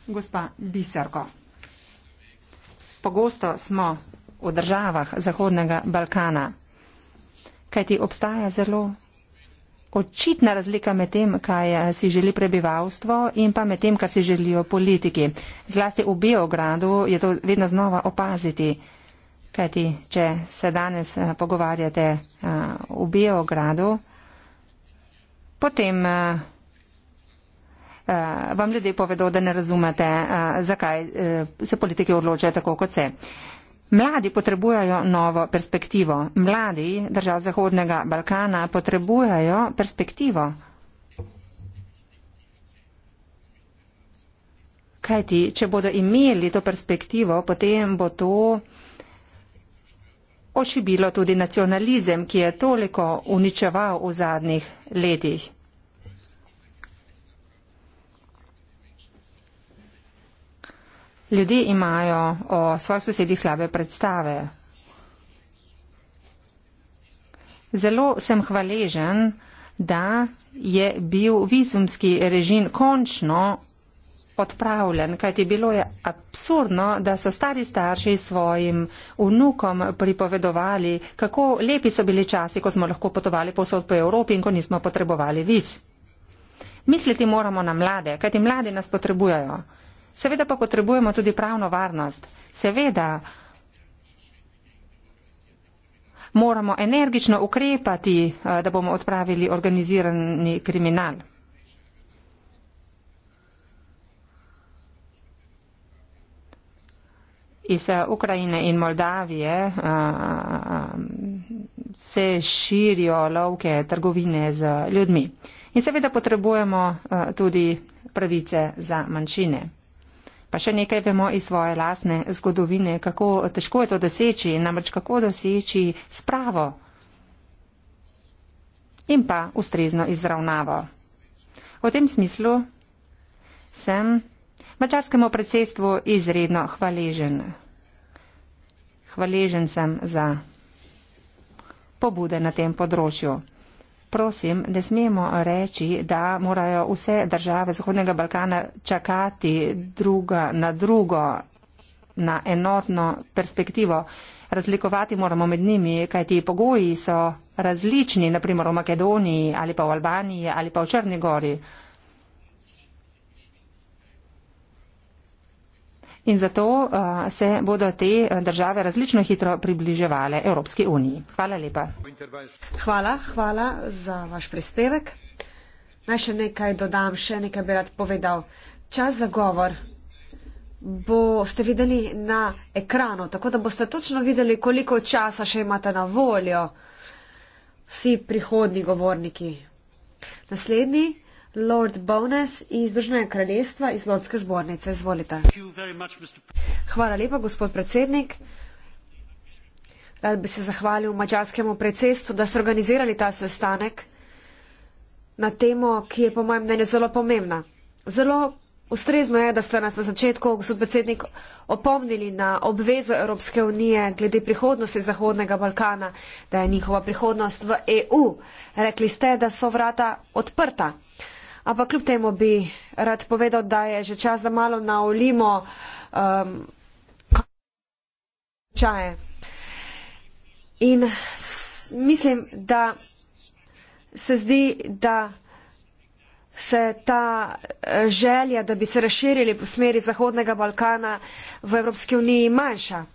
gospa Biserko pogosto smo v državah Zahodnega Balkana, kajti obstaja zelo očitna razlika med tem, kaj eh, si želi prebivalstvo in pa med tem, kar si želijo politiki. Zlasti v Beogradu je to vedno znova opaziti. Kajti, če se danes eh, pogovarjate eh, v Beogradu, potem uh, vam ljudje povedo, da ne razumete, uh, zakaj uh, se politiki odločajo tako, kot se. Mladi potrebujejo novo perspektivo. Mladi držav Zahodnega Balkana potrebujejo perspektivo. Kajti, če bodo imeli to perspektivo, potem bo to ošibilo tudi nacionalizem, ki je toliko uničeval v zadnjih letih. Ljudje imajo o svojih sosedih slabe predstave. Zelo sem hvaležen, da je bil vizumski režim končno odpravljen, kajti bilo je absurdno, da so stari starši svojim vnukom pripovedovali, kako lepi so bili časi, ko smo lahko potovali posod po Evropi in ko nismo potrebovali viz. Misliti moramo na mlade, kajti mladi nas potrebujajo. Seveda pa potrebujemo tudi pravno varnost. Seveda moramo energično ukrepati, eh, da bomo odpravili organizirani kriminal. Iz eh, Ukrajine in Moldavije eh, se širijo lovke trgovine z ljudmi. In seveda potrebujemo tudi pravice za manjšine. Pa še nekaj vemo iz svoje lasne zgodovine, kako težko je to doseči, namreč kako doseči spravo in pa ustrezno izravnavo. V tem smislu sem mačarskemu predsedstvu izredno hvaležen. Hvaležen sem za pobude na tem področju prosim, ne smemo reči, da morajo vse države Zahodnega Balkana čakati druga na drugo, na enotno perspektivo. Razlikovati moramo med njimi, kajti pogoji so različni, naprimer v Makedoniji ali pa v Albaniji ali pa v Črnegori. in zato uh, se bodo te uh, države različno hitro približevale Evropski uniji. Hvala lepa. Hvala, hvala za vaš prispevek. Naj še nekaj dodam, še nekaj bi rad povedal. Čas za govor boste videli na ekranu, tako da boste točno videli, koliko časa še imate na voljo vsi prihodni govorniki. Naslednji Lord Bowness iz Združenega kraljestva iz Lordske zbornice. Izvolite. Hvala lepa, gospod predsednik. Rad bi se zahvalil mačarskemu predsedstvu, da ste organizirali ta sestanek na temo, ki je po mojem mnenju zelo pomembna. Zelo ustrezno je, da ste nas na začetku, gospod predsednik, opomnili na obvezo Evropske unije glede prihodnosti Zahodnega Balkana, da je njihova prihodnost v EU. Rekli ste, da so vrata odprta. Ampak kljub temu bi rad povedal, da je že čas, da malo naolimo um, čaje. In mislim, da se zdi, da se ta eh, želja, da bi se razširili po smeri Zahodnega Balkana v Evropski uniji, manjša.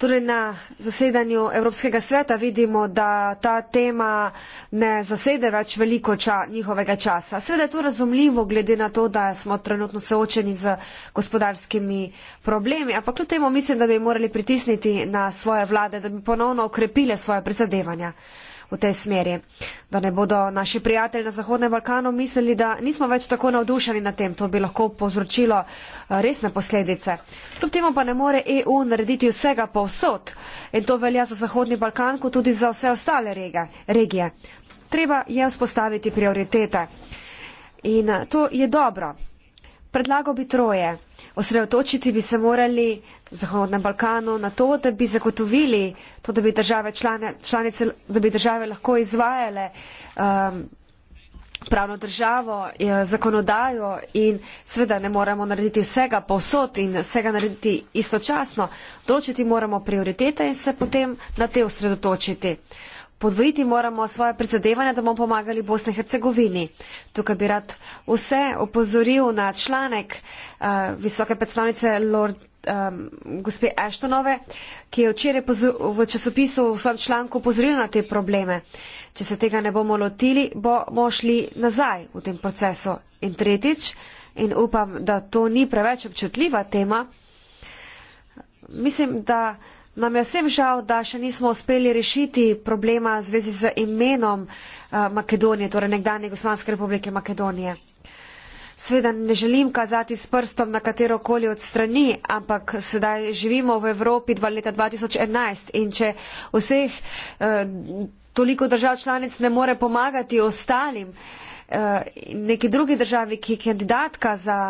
Torej na zasedanju Evropskega sveta vidimo, da ta tema ne zasede več veliko ča, njihovega časa. Sveda je to razumljivo, glede na to, da smo trenutno soočeni z gospodarskimi problemi, ampak kljub temu mislim, da bi morali pritisniti na svoje vlade, da bi ponovno okrepile svoje prizadevanja v tej smeri, da ne bodo naši prijatelji na Zahodnem Balkanu mislili, da nismo več tako navdušeni na tem. To bi lahko povzročilo eh, resne posledice. Kljub temu pa ne more EU narediti vsega povsod in to velja za Zahodni Balkan, kot tudi za vse ostale regije. Treba je vzpostaviti prioritete. In eh, to je dobro. Predlagal bi troje. Osredotočiti bi se morali v Zahodnem Balkanu na to, da bi zagotovili to, da bi države, člane, članice, da bi države lahko izvajale um, pravno državo, eh, zakonodajo in seveda ne moremo narediti vsega povsod in vsega narediti istočasno. Določiti moramo prioritete in se potem na te osredotočiti. Uh, podvojiti moramo svoje prizadevanja, da bomo pomagali Bosni in Hercegovini. Tukaj bi rad vse opozoril na članek uh, visoke predstavnice Lord. Um, gospe Ashtonove, ki je včeraj v časopisu v svojem članku upozorila na te probleme. Če se tega ne bomo lotili, bomo šli nazaj v tem procesu. In tretjič, in upam, da to ni preveč občutljiva tema, mislim, da Nam je vsem žal, da še nismo uspeli rešiti problema v zvezi z imenom eh, Makedonije, torej nekdanje Jugoslavijske republike Makedonije. Sveda ne želim kazati s prstom na katero koli od strani, ampak sedaj živimo v Evropi dva leta 2011 in če vseh eh, toliko držav članic ne more pomagati ostalim, eh, neki drugi državi, ki je kandidatka za.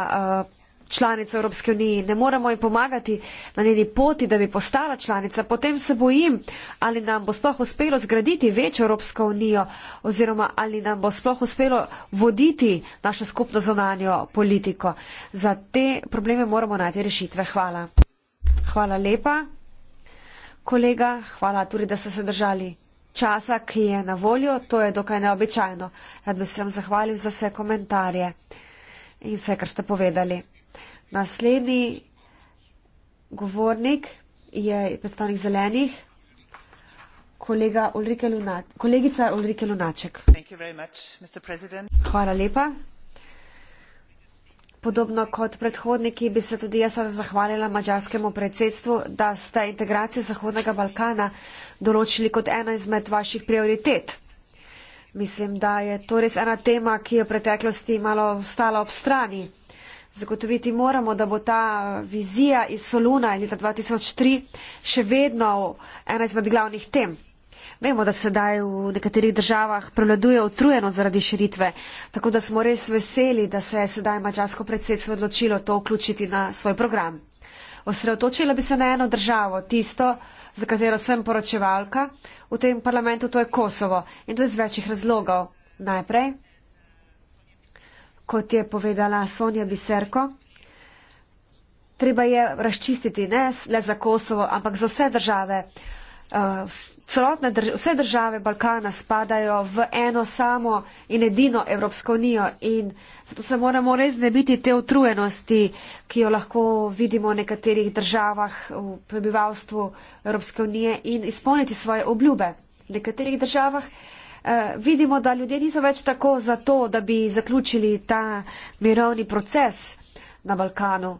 Eh, članic Evropske unije, ne moremo jim pomagati na njeni poti, da bi postala članica, potem se bojim, ali nam bo sploh uspelo zgraditi večjo Evropsko unijo oziroma ali nam bo sploh uspelo voditi našo skupno zonanjo politiko. Za te probleme moramo najti rešitve. Hvala. Hvala lepa. Kolega, hvala tudi, da ste se držali časa, ki je na voljo. To je dokaj neobičajno. Rad bi se vam zahvalil za vse komentarje in vse, kar ste povedali. Naslednji govornik je predstavnik zelenih, kolega Ulrike Lunaček, kolegica Ulrike Lunaček. Much, Hvala lepa. Podobno kot predhodniki bi se tudi jaz zahvalila mađarskemu predsedstvu, da ste integracijo Zahodnega Balkana določili kot eno izmed vaših prioritet. Mislim, da je to res ena tema, ki je v preteklosti malo stala ob strani zagotoviti moramo, da bo ta vizija iz Soluna leta 2003 še vedno ena izmed glavnih tem. Vemo, da sedaj v nekaterih državah prevladuje utrujeno zaradi širitve, tako da smo res veseli, da se je sedaj mačarsko predsedstvo odločilo to vključiti na svoj program. Osredotočila bi se na eno državo, tisto, za katero sem poročevalka v tem parlamentu, to je Kosovo in to iz večjih razlogov. Najprej kot je povedala Sonja Biserko. Treba je razčistiti ne le za Kosovo, ampak za vse države. Eh, celotne države, vse države Balkana spadajo v eno samo in edino Evropsko unijo in zato se moramo res ne biti te utrujenosti, ki jo lahko vidimo v nekaterih državah v prebivalstvu Evropske unije in izpolniti svoje obljube. V nekaterih državah Eh, vidimo, da ljudje niso več tako za to, da bi zaključili ta mirovni proces na Balkanu.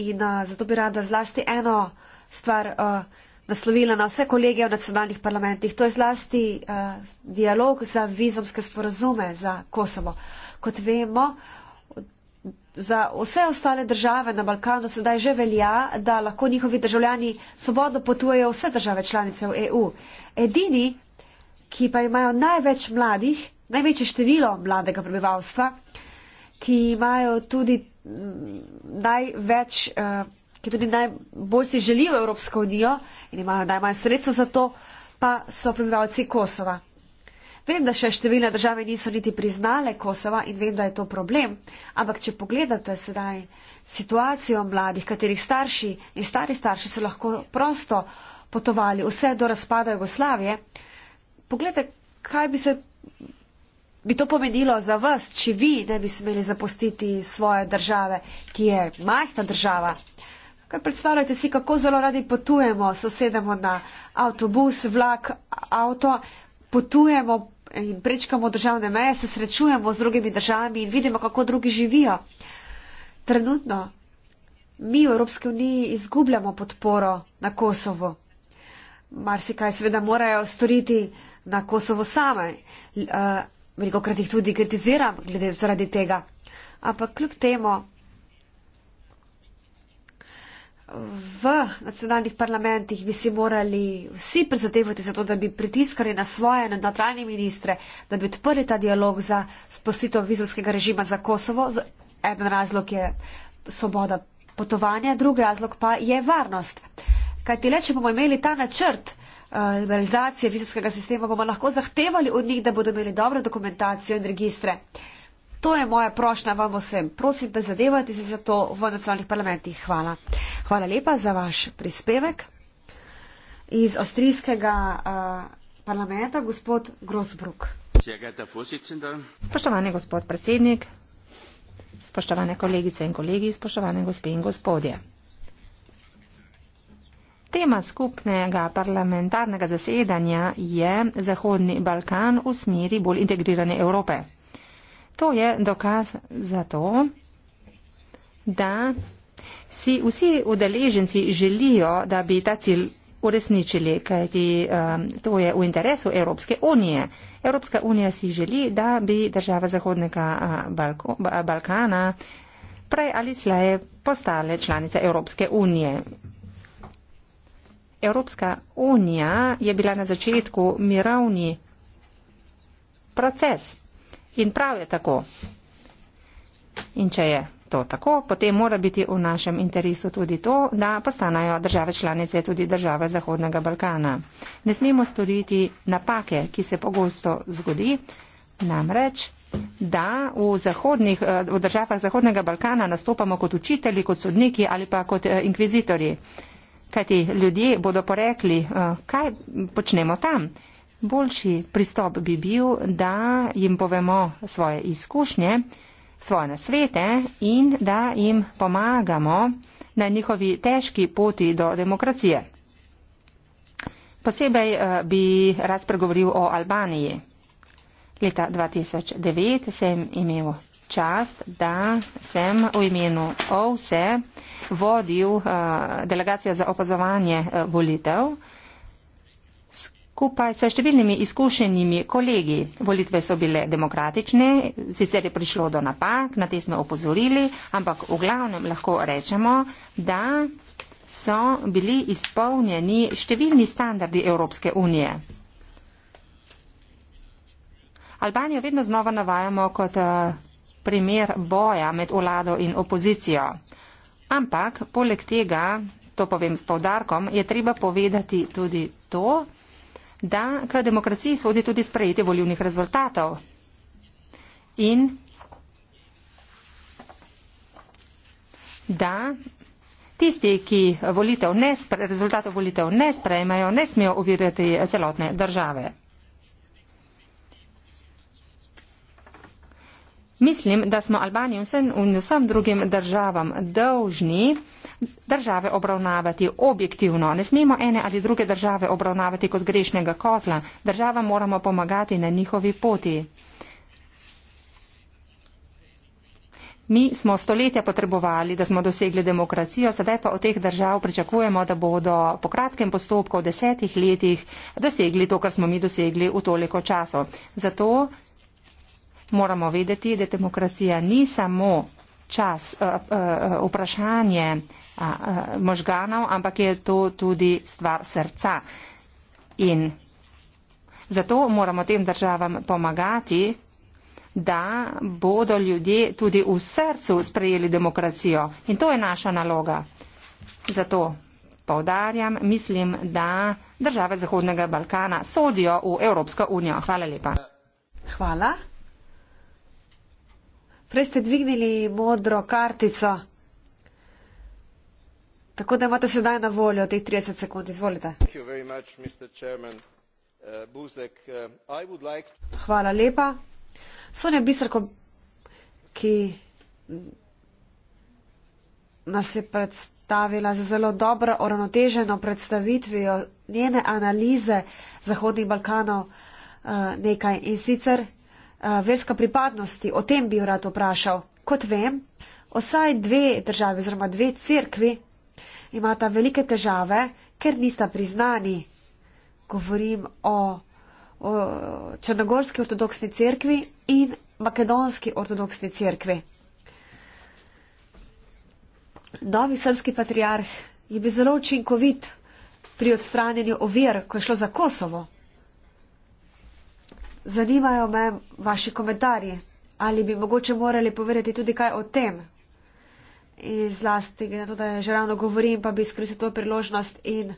In eh, zato bi rada zlasti eno stvar eh, naslovila na vse kolege v nacionalnih parlamentih. To je zlasti dialog za vizomske sporozume za Kosovo. Kot vemo, za vse ostale države na Balkanu sedaj že velja, da lahko njihovi državljani svobodno potujejo vse države članice v EU. Edini ki pa imajo največ mladih, največje število mladega prebivalstva, ki imajo tudi mm, največ, eh, ki tudi najbolj si želijo Evropsko unijo in imajo najmanj sredstva za to, pa so prebivalci Kosova. Vem, da še številne države niso niti priznale Kosova in vem, da je to problem, ampak če pogledate sedaj situacijo mladih, katerih starši in stari starši so lahko prosto potovali vse do razpada Jugoslavije, Poglejte, kaj bi se. Bi to pomenilo za vas, če vi ne bi smeli zapustiti svoje države, ki je majhna država? Kaj predstavljate si, kako zelo radi potujemo, sosedamo na avtobus, vlak, avto, potujemo in prečkamo državne meje, se srečujemo z drugimi državami in vidimo, kako drugi živijo. Trenutno mi v Evropski uniji izgubljamo podporo na Kosovo. Marsikaj seveda morajo storiti na Kosovo same. Veliko krat jih tudi kritiziram glede zaradi tega. Ampak kljub temu v nacionalnih parlamentih bi si morali vsi prizadevati za to, da bi pritiskali na svoje nadaljne ministre, da bi odprli ta dialog za spostitev vizovskega režima za Kosovo. En razlog je svoboda potovanja, drug razlog pa je varnost. Kajti le, če bomo imeli ta načrt, Eh, liberalizacije vizumskega sistema, bomo lahko zahtevali od njih, da bodo imeli dobro dokumentacijo in registre. To je moja prošnja vam vsem. Prosim, prizadevajte se za to v nacionalnih parlamentih. Hvala. Hvala lepa za vaš prispevek. Iz avstrijskega uh, parlamenta, gospod Grosbruk. Spoštovani gospod predsednik, spoštovane kolegice in kolegi, spoštovane gospe in gospodje. Tema skupnega parlamentarnega zasedanja je Zahodni Balkan v smeri bolj integrirane Evrope. To je dokaz za to, da si vsi udeleženci želijo, da bi ta cilj uresničili, kajti um, to je v interesu Evropske unije. Evropska unija si želi, da bi država Zahodnega uh, Balko Balkana prej ali slej postale članica Evropske unije. Evropska unija je bila na začetku mirovni proces in prav je tako. In če je to tako, potem mora biti v našem interesu tudi to, da postanajo države članice tudi države Zahodnega Balkana. Ne smemo storiti napake, ki se pogosto zgodi, namreč, da v, zahodnih, v državah Zahodnega Balkana nastopamo kot učitelji, kot sodniki ali pa kot eh, inkvizitorji. Kajti ljudje bodo porekli, eh, kaj počnemo tam. Boljši pristop bi bil, da jim povemo svoje izkušnje, svoje nasvete in da jim pomagamo na njihovi težki poti do demokracije. Posebej eh, bi rad spregovoril o Albaniji. Leta 2009 sem imel čast, da sem v imenu OVSE vodil uh, delegacijo za opazovanje uh, volitev. Skupaj s številnimi izkušenimi kolegi volitve so bile demokratične, sicer je prišlo do napak, na te smo opozorili, ampak v glavnem lahko rečemo, da so bili izpolnjeni številni standardi Evropske unije. Albanijo vedno znova navajamo kot eh, primer boja med vlado in opozicijo. Ampak poleg tega, to povem s povdarkom, je treba povedati tudi to, da k demokraciji sodi tudi sprejeti volivnih rezultatov. In da tisti, ki volitev ne, rezultatov volitev ne sprejmajo, ne smejo ovirati celotne države. Mislim, da smo Albaniji vsem in vsem drugim državam dolžni države obravnavati objektivno. Ne smemo ene ali druge države obravnavati kot grešnega kozla. Država moramo pomagati na njihovi poti. Mi smo stoletja potrebovali, da smo dosegli demokracijo, sedaj pa od teh držav pričakujemo, da bodo po kratkem postopku v desetih letih dosegli to, kar smo mi dosegli v toliko časa. Zato moramo vedeti, da demokracija ni samo čas, eh, eh, eh, vprašanje možganov, ampak je to tudi stvar srca. In zato moramo tem državam pomagati, da bodo ljudje tudi v srcu sprejeli demokracijo. In to je naša naloga. Zato povdarjam, mislim, da države Zahodnega Balkana sodijo v Evropsko unijo. Hvala lepa. Hvala. Prej ste dvignili modro kartico, tako da imate sedaj na voljo teh 30 sekund. Izvolite. Uh, uh, Hvala lepa. Sonja Biserko, ki nas je predstavila z zelo dobro oravnoteženo predstavitvijo njene analize Zahodnih Balkanov uh, nekaj in sicer Eh, verska pripadnosti, o tem bi jo rad vprašal. Kot vem, vsaj dve države oziroma dve cerkvi imata velike težave, ker nista priznani. Govorim o, o Črnogorski ortodoksni cerkvi in Makedonski ortodoksni cerkvi. Novi srpski patriarh je bil zelo učinkovit pri odstranjenju ovir, ko je šlo za Kosovo. Zanimajo me vaši komentarji, ali bi mogoče morali povedati tudi kaj o tem. In zlasti, glede na to, da že ravno govorim, pa bi skrisil to priložnost in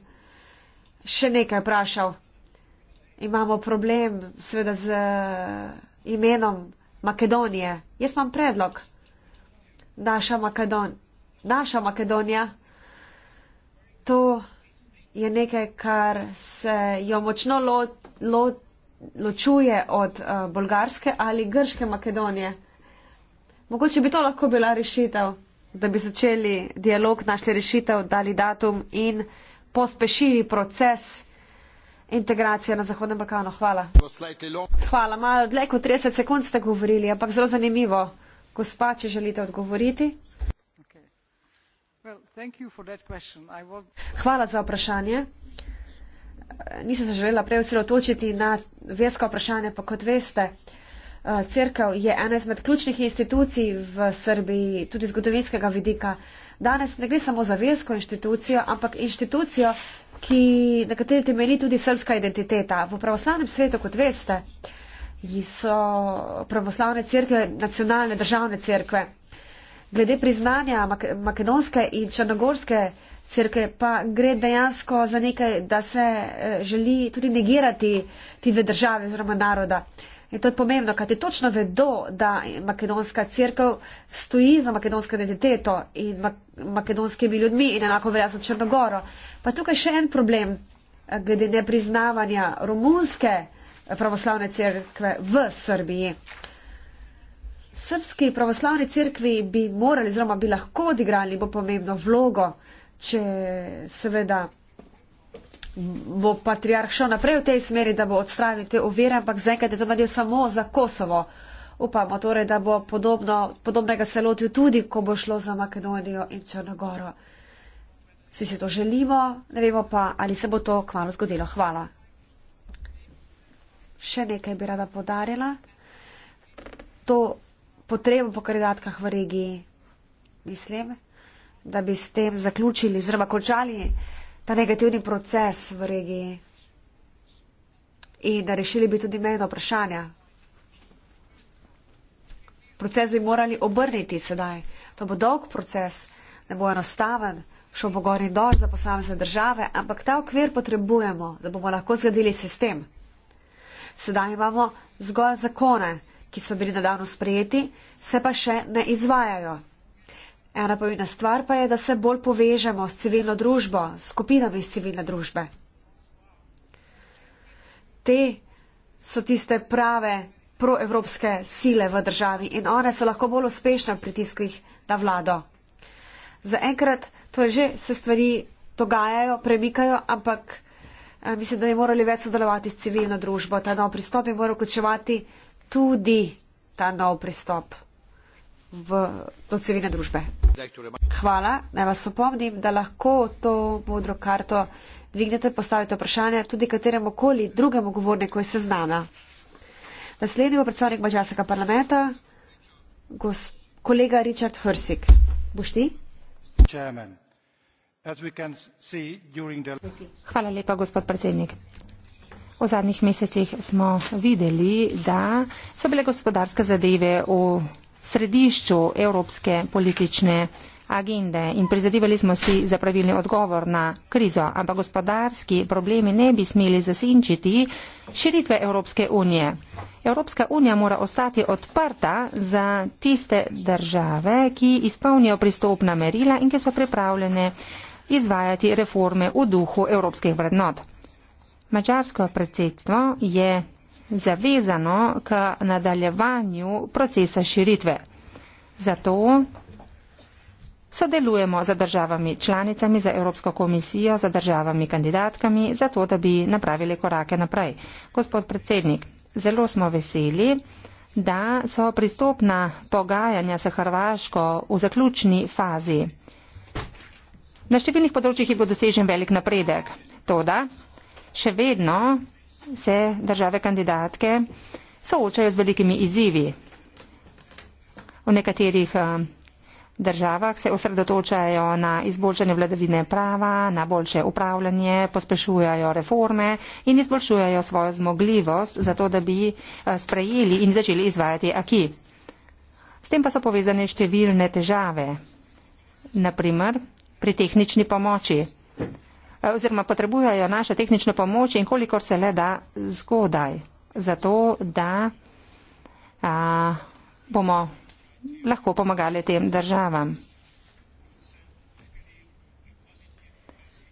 še nekaj vprašal. Imamo problem, seveda, z eh, imenom Makedonije. Jaz imam predlog. Naša, Makedon Naša Makedonija, to je nekaj, kar se jo močno lotiti. Lot ločuje od uh, bolgarske ali grške Makedonije. Mogoče bi to lahko bila rešitev, da bi začeli dialog, našli rešitev, dali datum in pospešili proces integracije na Zahodnem Balkanu. Hvala. Hvala, malo dlje kot 30 sekund ste govorili, ampak zelo zanimivo. Gospa, če želite odgovoriti. Hvala za vprašanje nisem se želela prej osredotočiti na verska vprašanja, pa kot veste, eh, crkav je ena izmed ključnih institucij v Srbiji, tudi zgodovinskega vidika. Danes ne gre samo za versko inštitucijo, ampak inštitucijo, ki, na kateri temelji tudi srpska identiteta. V pravoslavnem svetu, kot veste, so pravoslavne crkve nacionalne državne crkve. Glede priznanja makedonske in črnogorske crkve, pa gre dejansko za nekaj, da se eh, želi tudi negirati tive države oziroma naroda. In to je pomembno, kajti točno vedo, da makedonska crkva stoji za makedonsko identiteto in makedonskimi ljudmi in enako velja za Črnogoro. Pa tukaj še en problem eh, glede nepriznavanja romunske eh, pravoslavne crkve v Srbiji. Srbski pravoslavni crkvi bi morali oziroma bi lahko odigrali bolj pomembno vlogo uh, če seveda bo patriarh šel naprej v tej smeri, da bo odstranil te ovire, ampak zaenkrat je to naredil samo za Kosovo. Upamo torej, da bo podobno, podobnega se lotil tudi, ko bo šlo za Makedonijo in Črnogoro. Vsi si to želimo, ne vemo pa, ali se bo to kmalo zgodilo. Hvala. Še nekaj bi rada podarila. To potrebo po kandidatkah v regiji, mislim da bi s tem zaključili oziroma končali ta negativni proces v regiji in da rešili bi tudi mejno vprašanja. Proces bi morali obrniti sedaj. To bo dolg proces, ne bo enostaven, šel bo gor in dol za posamezne države, ampak ta okvir potrebujemo, da bomo lahko zgradili sistem. Sedaj imamo zgolj zakone, ki so bili nedavno sprejeti, se pa še ne izvajajo. Ena pomembna stvar pa je, da se bolj povežemo s civilno družbo, s skupinami iz civilne družbe. Te so tiste prave proevropske sile v državi in one so lahko bolj uspešne v pritiskih na vlado. Za enkrat to je že, se stvari dogajajo, premikajo, ampak eh, mislim, da je morali več sodelovati s civilno družbo. Ta nov pristop je moral vključevati tudi ta nov pristop v, do civilne družbe. Hvala. Naj vas opomnim, da lahko to modro karto dvignete, postavite vprašanje tudi kateremu koli drugemu govorniku iz seznama. Naslednji bo predstavnik mađarskega parlamenta, gosp, kolega Richard Hrsik. Bošti? Hvala lepa, gospod predsednik. V zadnjih mesecih smo videli, da so bile gospodarske zadeve v središču evropske politične agende in prizadevali smo si za pravilni odgovor na krizo, ampak gospodarski problemi ne bi smeli zasinčiti širitve Evropske unije. Evropska unija mora ostati odprta za tiste države, ki izpolnijo pristopna merila in ki so pripravljene izvajati reforme v duhu evropskih vrednot. Mačarsko predsedstvo je zavezano k nadaljevanju procesa širitve. Zato sodelujemo z državami članicami, z Evropsko komisijo, z državami kandidatkami, zato da bi napravili korake naprej. Gospod predsednik, zelo smo veseli, da so pristopna pogajanja s Hrvaško v zaključni fazi. Na številnih področjih je bo dosežen velik napredek. Toda, še vedno se države kandidatke soočajo z velikimi izzivi. V nekaterih eh, državah se osredotočajo na izboljšanje vladavine prava, na boljše upravljanje, pospešujajo reforme in izboljšujajo svojo zmogljivost za to, da bi eh, sprejeli in začeli izvajati aki. S tem pa so povezane številne težave, naprimer pri tehnični pomoči. Eh, oziroma potrebujejo našo tehnično pomoč in kolikor se le da zgodaj, zato da a, bomo lahko pomagali tem državam.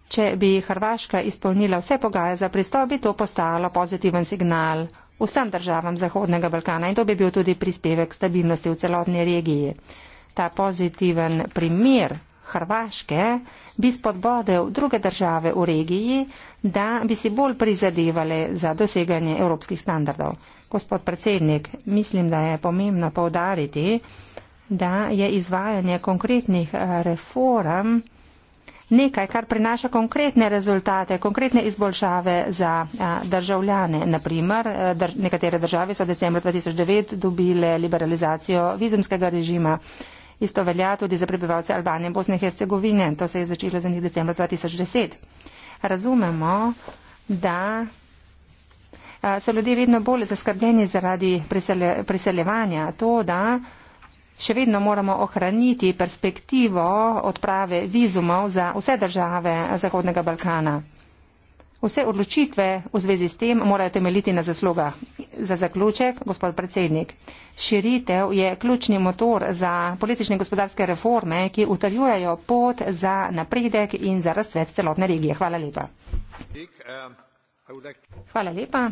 Če bi Hrvaška izpolnila vse pogaje za pristop, bi to postalo pozitiven signal vsem državam Zahodnega Balkana in to bi bil tudi prispevek stabilnosti v celotni regiji. Ta pozitiven primer Hrvaške bi spodbodel druge države v regiji, da bi si bolj prizadevali za doseganje evropskih standardov. Gospod predsednik, mislim, da je pomembno povdariti, da je izvajanje konkretnih eh, reform nekaj, kar prinaša konkretne rezultate, konkretne izboljšave za eh, državljane. Naprimer, eh, nekatere države so v decembru 2009 dobile liberalizacijo vizumskega režima. Isto velja tudi za prebivalce Albanije in Bosne in Hercegovine. To se je začelo za njih decembra 2010. Razumemo, da so ljudje vedno bolj zaskrbljeni zaradi presele, preseljevanja. To, da še vedno moramo ohraniti perspektivo odprave vizumov za vse države Zahodnega Balkana. Vse odločitve v zvezi s tem morajo temeljiti na zaslugah. Za zaključek, gospod predsednik, širitev je ključni motor za politične in gospodarske reforme, ki utrjujejo pot za napredek in za razcvet celotne regije. Hvala lepa. Hvala lepa.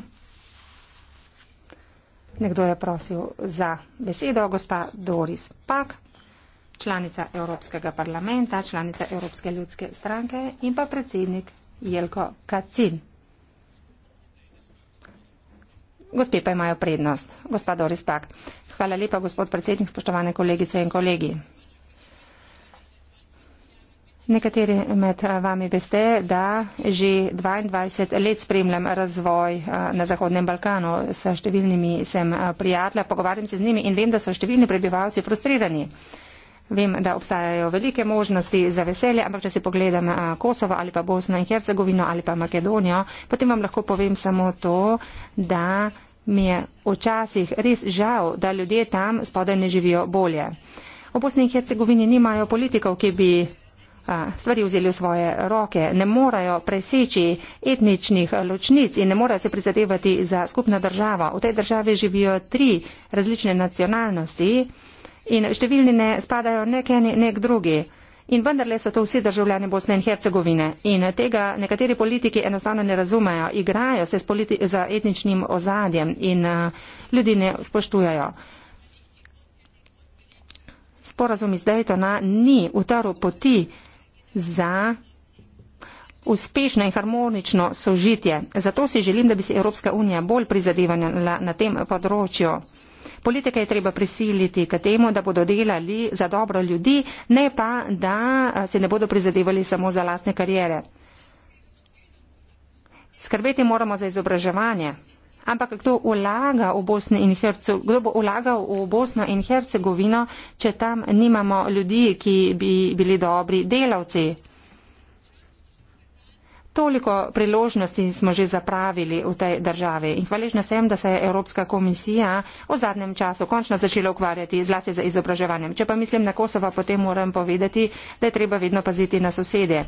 Nekdo je prosil za besedo, gospa Doris Pak članica Evropskega parlamenta, članica Evropske ljudske stranke in pa predsednik Jelko Kacin. Gospe pa imajo prednost. Gospa Doris Pak. Hvala lepa, gospod predsednik, spoštovane kolegice in kolegi. Nekateri med eh, vami veste, da že 22 let spremljam razvoj eh, na Zahodnem Balkanu. Sa številnimi sem eh, prijatelja, pogovarjam se z njimi in vem, da so številni prebivalci frustrirani. Vem, da obstajajo velike možnosti za veselje, ampak če si pogledam Kosovo ali pa Bosno in Hercegovino ali pa Makedonijo, potem vam lahko povem samo to, da mi je včasih res žal, da ljudje tam spodaj ne živijo bolje. V Bosni in Hercegovini nimajo politikov, ki bi stvari vzeli v svoje roke, ne morajo preseči etničnih ločnic in ne morajo se prizadevati za skupno državo. V tej državi živijo tri različne nacionalnosti in številni ne spadajo nek eni, nek drugi. In vendarle so to vsi državljani Bosne in Hercegovine. In tega nekateri politiki enostavno ne razumejo, igrajo se z, z etničnim ozadjem in uh, ljudi ne spoštujajo. Sporazum iz Daytona ni utrl poti za uspešno in harmonično sožitje. Zato si želim, da bi si Evropska unija bolj prizadevala na tem področju. Politike je treba prisiliti k temu, da bodo delali za dobro ljudi, ne pa, da se ne bodo prizadevali samo za lastne karijere. Skrbeti moramo za izobraževanje. Ampak kdo, ulaga v in Herce, kdo bo ulagal v Bosno in Hercegovino, če tam nimamo ljudi, ki bi bili dobri delavci, toliko priložnosti smo že zapravili v tej državi in hvaležna sem, da se je Evropska komisija v zadnjem času končno začela ukvarjati zlasti za izobraževanjem. Če pa mislim na Kosova, potem moram povedati, da je treba vedno paziti na sosede.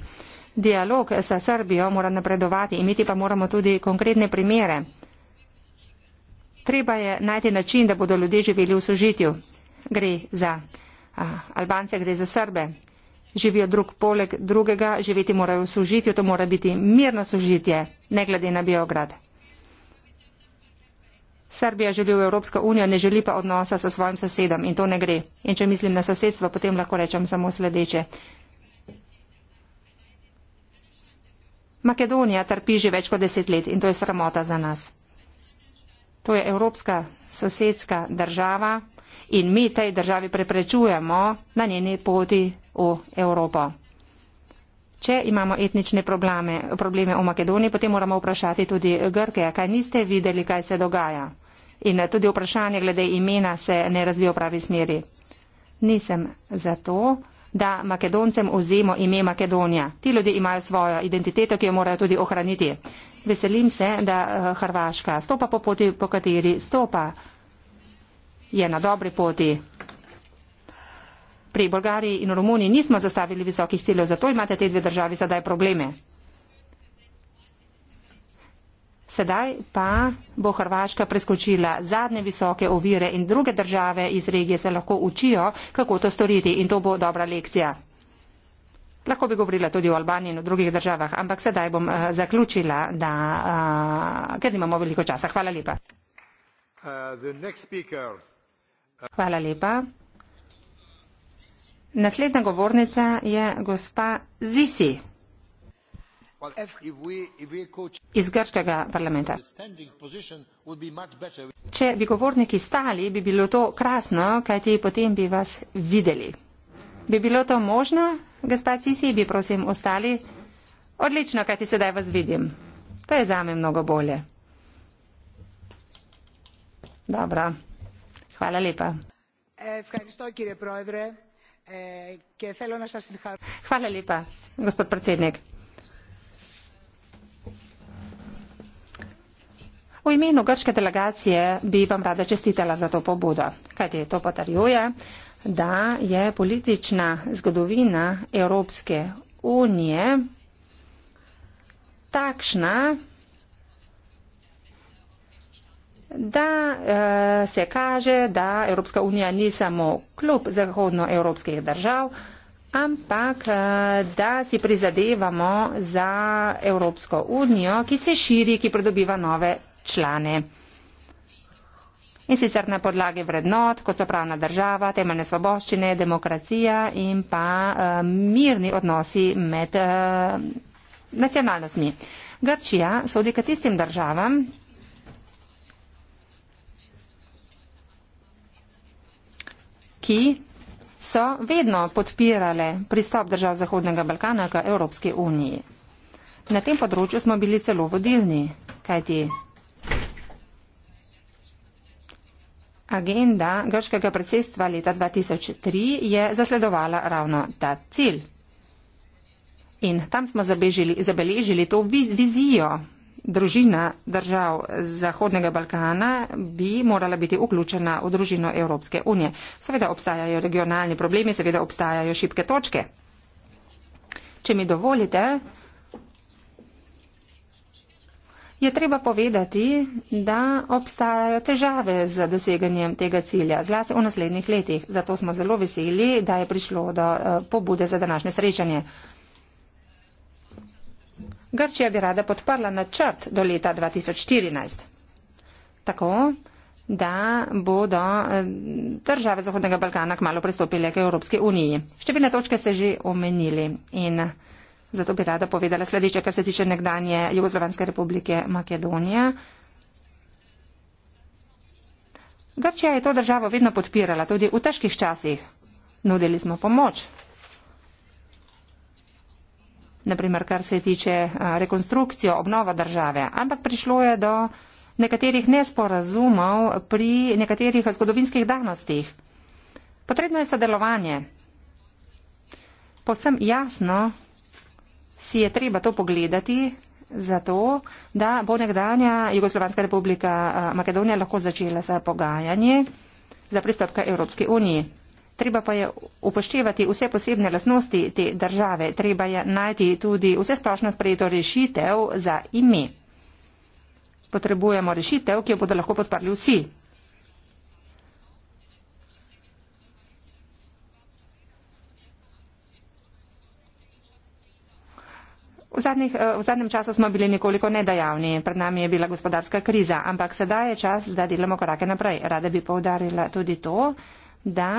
Dialog sa Srbijo mora napredovati, imeti pa moramo tudi konkretne primere. Treba je najti način, da bodo ljudje živeli v sožitju. Gre za a, Albance, gre za Srbe živijo drug poleg drugega, živeti morajo v sožitju, to mora biti mirno sožitje, ne glede na Biograd. Srbija želi v Evropsko unijo, ne želi pa odnosa s svojim sosedom in to ne gre. In če mislim na sosedstvo, potem lahko rečem samo sledeče. Makedonija trpi že več kot deset let in to je sramota za nas. To je evropska sosedska država, in mi tej državi preprečujemo na njeni poti v Evropo. Če imamo etnične probleme, probleme v Makedoniji, potem moramo vprašati tudi Grke, kaj niste videli, kaj se dogaja. In tudi vprašanje glede imena se ne razvija v pravi smeri. Nisem za to, da Makedoncem vzemo ime Makedonija. Ti ljudje imajo svojo identiteto, ki jo morajo tudi ohraniti. Veselim se, da eh, Hrvaška stopa po poti, po kateri stopa je na dobri poti. Pri Bolgariji in Romuniji nismo zastavili visokih ciljev, zato imate te dve državi sedaj probleme. Sedaj pa bo Hrvaška preskočila zadnje visoke ovire in druge države iz regije se lahko učijo, kako to storiti in to bo dobra lekcija. Lahko bi govorila tudi o Albaniji in o drugih državah, ampak sedaj bom uh, zaključila, da, uh, ker nimamo veliko časa. Hvala lepa. Uh, Hvala lepa. Naslednja govornica je gospa Zisi iz grškega parlamenta. Če bi govorniki stali, bi bilo to krasno, kajti potem bi vas videli. Bi bilo to možno, gospa Cisi, bi prosim ostali? Odlično, kajti sedaj vas vidim. To je zame mnogo bolje. Dobro. Hvala lepa. Hvala lepa, gospod predsednik. V imenu grške delegacije bi vam rada čestitala za to pobudo, kajti to potrjuje, da je politična zgodovina Evropske unije takšna, da uh, se kaže, da Evropska unija ni samo klub zahodnoevropskih držav, ampak uh, da si prizadevamo za Evropsko unijo, ki se širi, ki pridobiva nove člane. In sicer na podlagi vrednot, kot so pravna država, temeljne svoboščine, demokracija in pa uh, mirni odnosi med uh, nacionalnostmi. Grčija sodi k tistim državam, ki so vedno podpirale pristop držav Zahodnega Balkana k Evropski uniji. Na tem področju smo bili celo vodilni, kajti agenda grškega predsedstva leta 2003 je zasledovala ravno ta cilj. In tam smo zabežili, zabeležili to vizijo Družina držav Zahodnega Balkana bi morala biti vključena v družino Evropske unije. Seveda obstajajo regionalni problemi, seveda obstajajo šibke točke. Če mi dovolite, je treba povedati, da obstajajo težave z doseganjem tega cilja, zlasti v naslednjih letih. Zato smo zelo veseli, da je prišlo do eh, pobude za današnje srečanje. Grčija bi rada podprla načrt do leta 2014. Tako, da bodo eh, države Zahodnega Balkana kmalo pristopile k Evropski uniji. Številne točke ste že omenili in zato bi rada povedala sledeče, kar se tiče nekdanje Jugoslovanske republike Makedonija. Grčija je to državo vedno podpirala, tudi v težkih časih. Nudili smo pomoč, naprimer kar se tiče rekonstrukcijo, obnova države, ampak prišlo je do nekaterih nesporazumov pri nekaterih zgodovinskih danostih. Potrebno je sodelovanje. Povsem jasno si je treba to pogledati, zato da bo nekdanja Jugoslovanska republika Makedonija lahko začela sa pogajanje za pristop k Evropski uniji. Treba pa je upoštevati vse posebne lasnosti te države, treba je najti tudi vse splošno sprejeto rešitev za ime. Potrebujemo rešitev, ki jo bodo lahko podprli vsi. V, zadnjih, eh, v zadnjem času smo bili nekoliko nedajavni, pred nami je bila gospodarska kriza, ampak sedaj je čas, da delamo korake naprej. Rada bi povdarila tudi to, da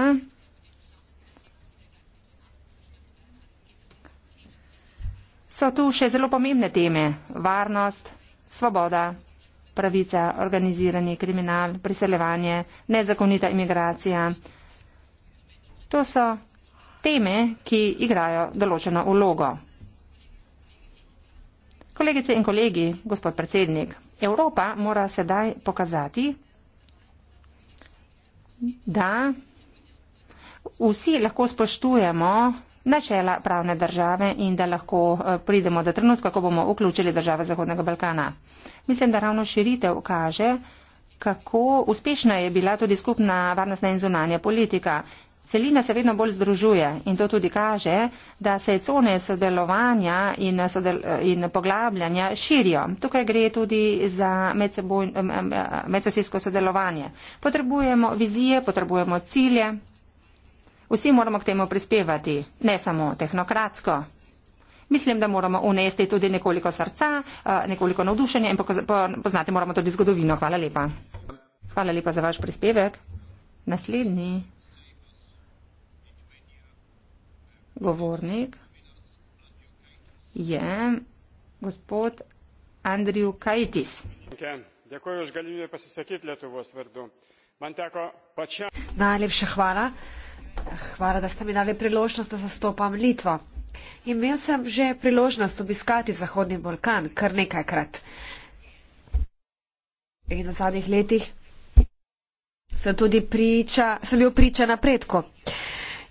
so tu še zelo pomembne teme varnost, svoboda, pravica, organizirani kriminal, priseljevanje, nezakonita imigracija. To so teme, ki igrajo določeno vlogo. Kolegice in kolegi, gospod predsednik, Evropa mora sedaj pokazati, da vsi lahko spoštujemo načela pravne države in da lahko eh, pridemo do trenutka, ko bomo vključili države Zahodnega Balkana. Mislim, da ravno širitev kaže, kako uspešna je bila tudi skupna varnostna in zunanja politika. Celina se vedno bolj združuje in to tudi kaže, da se cone sodelovanja in, eh, sodel eh, in poglabljanja širijo. Tukaj gre tudi za medsosedsko sodelovanje. Potrebujemo vizije, potrebujemo cilje, Vsi moramo k temu prispevati, ne samo tehnokratsko. Mislim, da moramo unesti tudi nekoliko srca, eh, nekoliko navdušenja in poznati moramo tudi zgodovino. Hvala lepa. Hvala lepa za vaš prispevek. Naslednji govornik je gospod Andriju Kajtis. Najlepša hvala. Hvala, da ste mi dali priložnost, da zastopam Litvo. Imel sem že priložnost obiskati Zahodni Balkan kar nekajkrat. In v zadnjih letih sem tudi priča, sem bil priča napredku.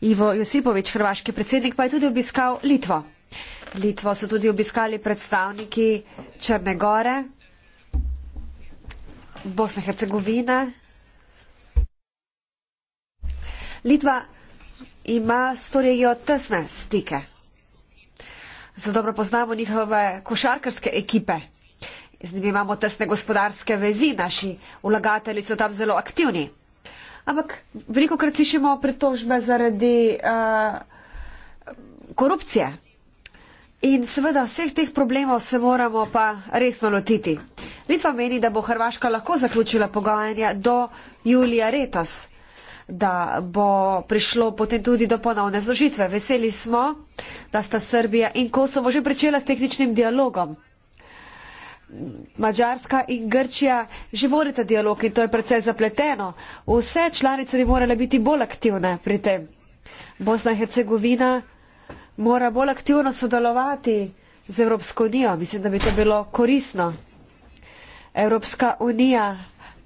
Ivo Josipovič, hrvaški predsednik, pa je tudi obiskal Litvo. Litvo so tudi obiskali predstavniki Črne gore, Bosne in Hercegovine. Litva ima storijo tesne stike. Zelo dobro poznamo njihove košarkarske ekipe. Z njimi imamo tesne gospodarske vezi, naši vlagatelji so tam zelo aktivni. Ampak veliko krat slišimo pritožbe zaradi uh, korupcije. In seveda vseh teh problemov se moramo pa resno lotiti. Litva meni, da bo Hrvaška lahko zaključila pogajanja do julija letos da bo prišlo potem tudi do ponovne zložitve. Veseli smo, da sta Srbija in Kosovo že pričela s tehničnim dialogom. Mačarska in Grčija že vodita dialog in to je precej zapleteno. Vse članice bi morale biti bolj aktivne pri tem. Bosna in Hercegovina mora bolj aktivno sodelovati z Evropsko unijo. Mislim, da bi to bilo korisno. Evropska unija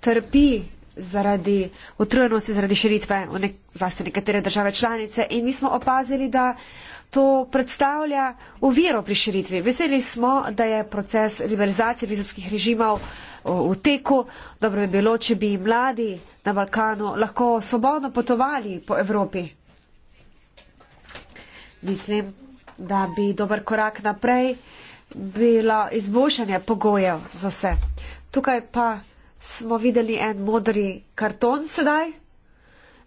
trpi zaradi utrujenosti, zaradi širitve v nek, zlasti nekatere države članice in mi smo opazili, da to predstavlja uviro pri širitvi. Veseli smo, da je proces liberalizacije vizumskih režimov v teku. Dobro bi bilo, če bi mladi na Balkanu lahko svobodno potovali po Evropi. Mislim, da bi dober korak naprej bilo izboljšanje pogojev za vse. Tukaj pa smo videli en modri karton sedaj.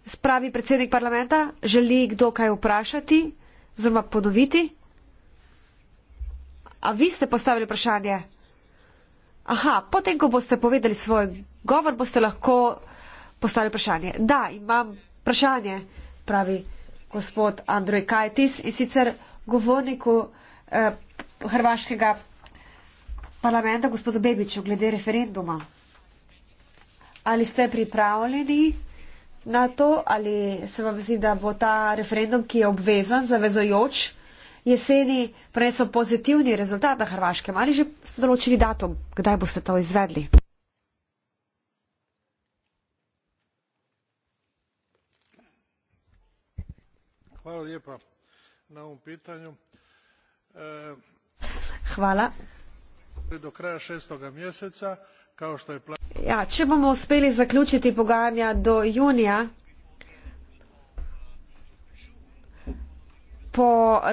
Spravi predsednik parlamenta, želi kdo kaj vprašati oziroma ponoviti? A vi ste postavili vprašanje? Aha, potem, ko boste povedali svoj govor, boste lahko postavili vprašanje. Da, imam vprašanje, pravi gospod Andrej Kajtis in sicer govorniku eh, Hrvaškega parlamenta, gospodu Bebiču, glede referenduma. Ali ste pripravljeni na to, ali se vam zdi, da bo ta referendum, ki je obvezan, zavezojoč, jeseni prenesel pozitivni rezultat na Hrvaškem? Ali že ste določili datum, kdaj boste to izvedli? Hvala lijepa na ovom pitanju. E, Hvala. Do kraja šestoga mjeseca kao što je plan. Ja, če bomo uspeli zaključiti pogajanja do junija, po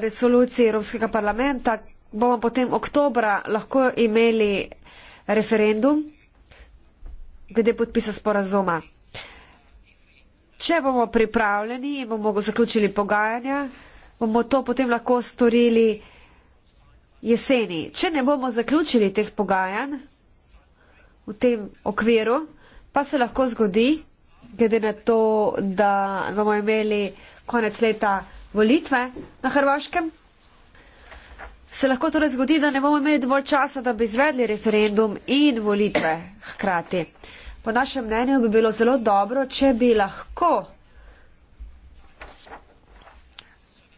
resoluciji Evropskega parlamenta, bomo potem oktobra lahko imeli referendum glede podpisa sporazuma. Če bomo pripravljeni in bomo zaključili pogajanja, bomo to potem lahko storili jeseni. Če ne bomo zaključili teh pogajanj, v tem okviru, pa se lahko zgodi, glede na to, da bomo imeli konec leta volitve na Hrvaškem. Se lahko torej zgodi, da ne bomo imeli dovolj časa, da bi izvedli referendum in volitve hkrati. Po našem mnenju bi bilo zelo dobro, če bi lahko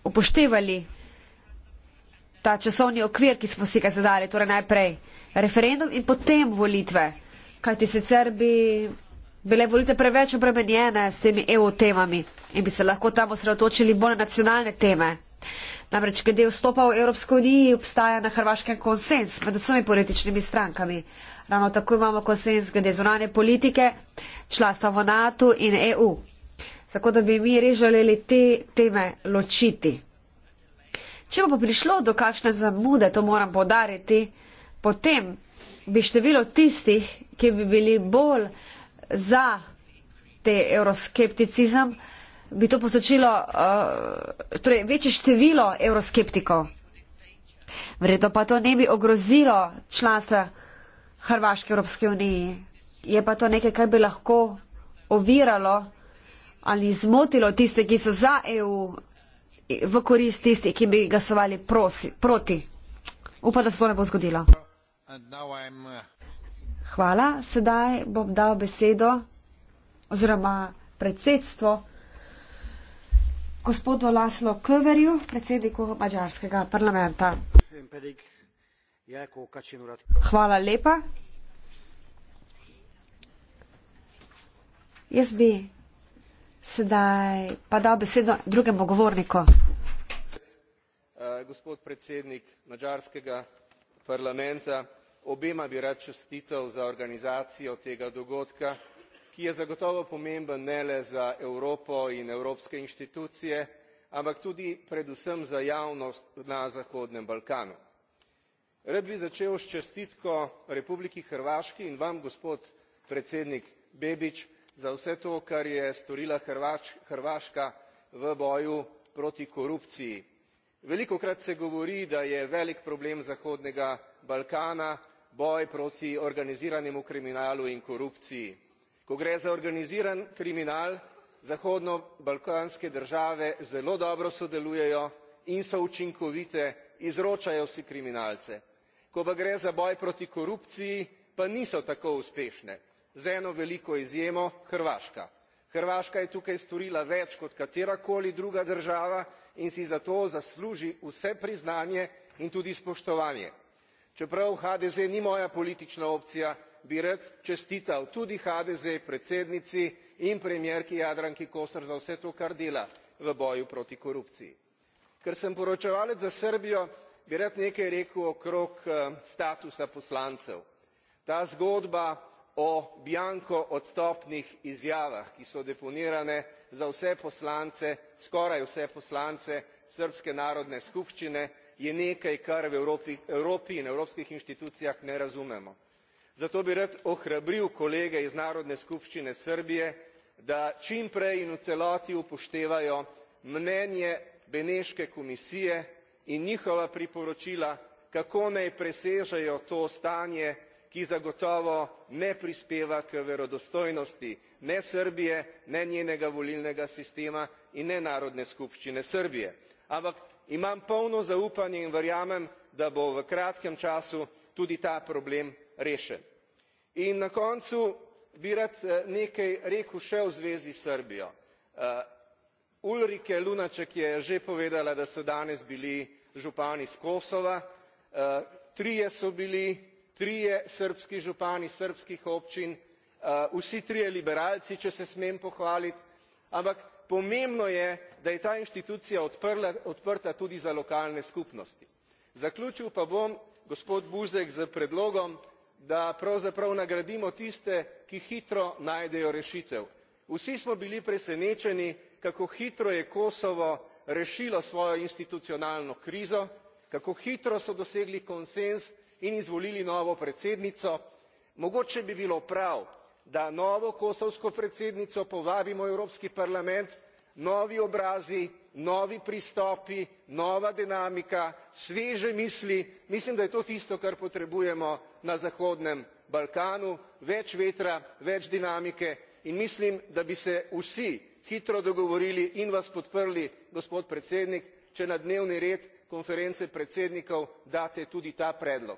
upoštevali ta časovni okvir, ki smo si ga zadali, torej najprej referendum in potem volitve. Kaj ti sicer bi bile volite preveč obremenjene s temi EU temami in bi se lahko tam osredotočili bolj na nacionalne teme. Namreč, glede vstopa v Evropsko uniji, obstaja na Hrvaškem konsens med vsemi političnimi strankami. Ravno tako imamo konsens glede zunanje politike, članstva v NATO in EU. Tako da bi mi res želeli te teme ločiti. Če pa bo prišlo do kakšne zamude, to moram podariti, potem bi število tistih, ki bi bili bolj za te euroskepticizem, bi to posočilo uh, torej večje število euroskeptikov. Vredno pa to ne bi ogrozilo članstva Hrvaške Evropske unije. Je pa to nekaj, kar bi lahko oviralo ali zmotilo tiste, ki so za EU v korist tisti, ki bi glasovali prosi, proti. Upam, da se to ne bo zgodilo. Hvala. Sedaj bom dal besedo oziroma predsedstvo gospodu Laslo Köverju, predsedniku mađarskega parlamenta. Hvala lepa. Jaz bi Sedaj pa da besedo drugemu govorniku. Eh, gospod predsednik madžarskega parlamenta, obema bi rad čestital za organizacijo tega dogodka, ki je zagotovo pomemben ne le za Evropo in evropske inštitucije, ampak tudi predvsem za javnost na Zahodnem Balkanu. Rad bi začel s čestitko Republiki Hrvaški in vam, gospod predsednik Bebić, za vse to kar je storila hrvaška v boju proti korupciji. velikokrat se govori da je velik problem zahodnega balkana boj proti organiziranemu kriminalu in korupciji. ko gre za organiziran kriminal zahodno balkanske države zelo dobro sodelujejo in so učinkovite izročajo si kriminalce. ko pa gre za boj proti korupciji pa niso tako uspešne z eno veliko izjemo hrvaška. hrvaška je tukaj storila več kot katerakoli druga država in si zato zasluži vse priznanje in tudi spoštovanje. čeprav hdz ni moja politična opcija bi rad čestital tudi hdz predsednici in premierki jadranki kosor za vse to kar dela v boju proti korupciji. ker sem poročevalec za srbijo bi rad nekaj rekel okrog eh, statusa poslancev. ta zgodba o bianco odstopnih izjavah ki so deponirane za vse poslance skoraj vse poslance srbske narodne skupščine je nekaj kar v evropi in evropskih inštitucijah ne razumemo. zato bi rad ohrabril kolege iz narodne skupščine srbije da čim prej in v celoti upoštevajo mnenje beneške komisije in njihova priporočila kako naj presežejo to stanje ki zagotovo ne prispeva k verodostojnosti ne srbije ne njenega volilnega sistema in ne narodne skupščine srbije ampak imam polno zaupanje in verjamem da bo v kratkem času tudi ta problem rešen in na koncu bi rad eh, nekaj rekel še v zvezi s srbijo eh, ulrike lunacek je že povedala da so danes bili župani s kosova eh, trije so bili trije srbski župani srbskih občin eh, vsi trije liberalci če se smem pohvaliti ampak pomembno je da je ta inštitucija odprla, odprta tudi za lokalne skupnosti. zaključil pa bom gospod buzek s predlogom da pravzaprav nagradimo tiste ki hitro najdejo rešitev. vsi smo bili presenečeni kako hitro je kosovo rešilo svojo institucionalno krizo kako hitro so dosegli konsenz in izvolili novo predsednico mogoče bi bilo prav da novo kosovsko predsednico povabimo v evropski parlament novi obrazi novi pristopi nova dinamika sveže misli mislim da je to tisto kar potrebujemo na zahodnem balkanu več vetra več dinamike in mislim da bi se vsi hitro dogovorili in vas podprli gospod predsednik če na dnevni red konference predsednikov date tudi ta predlog.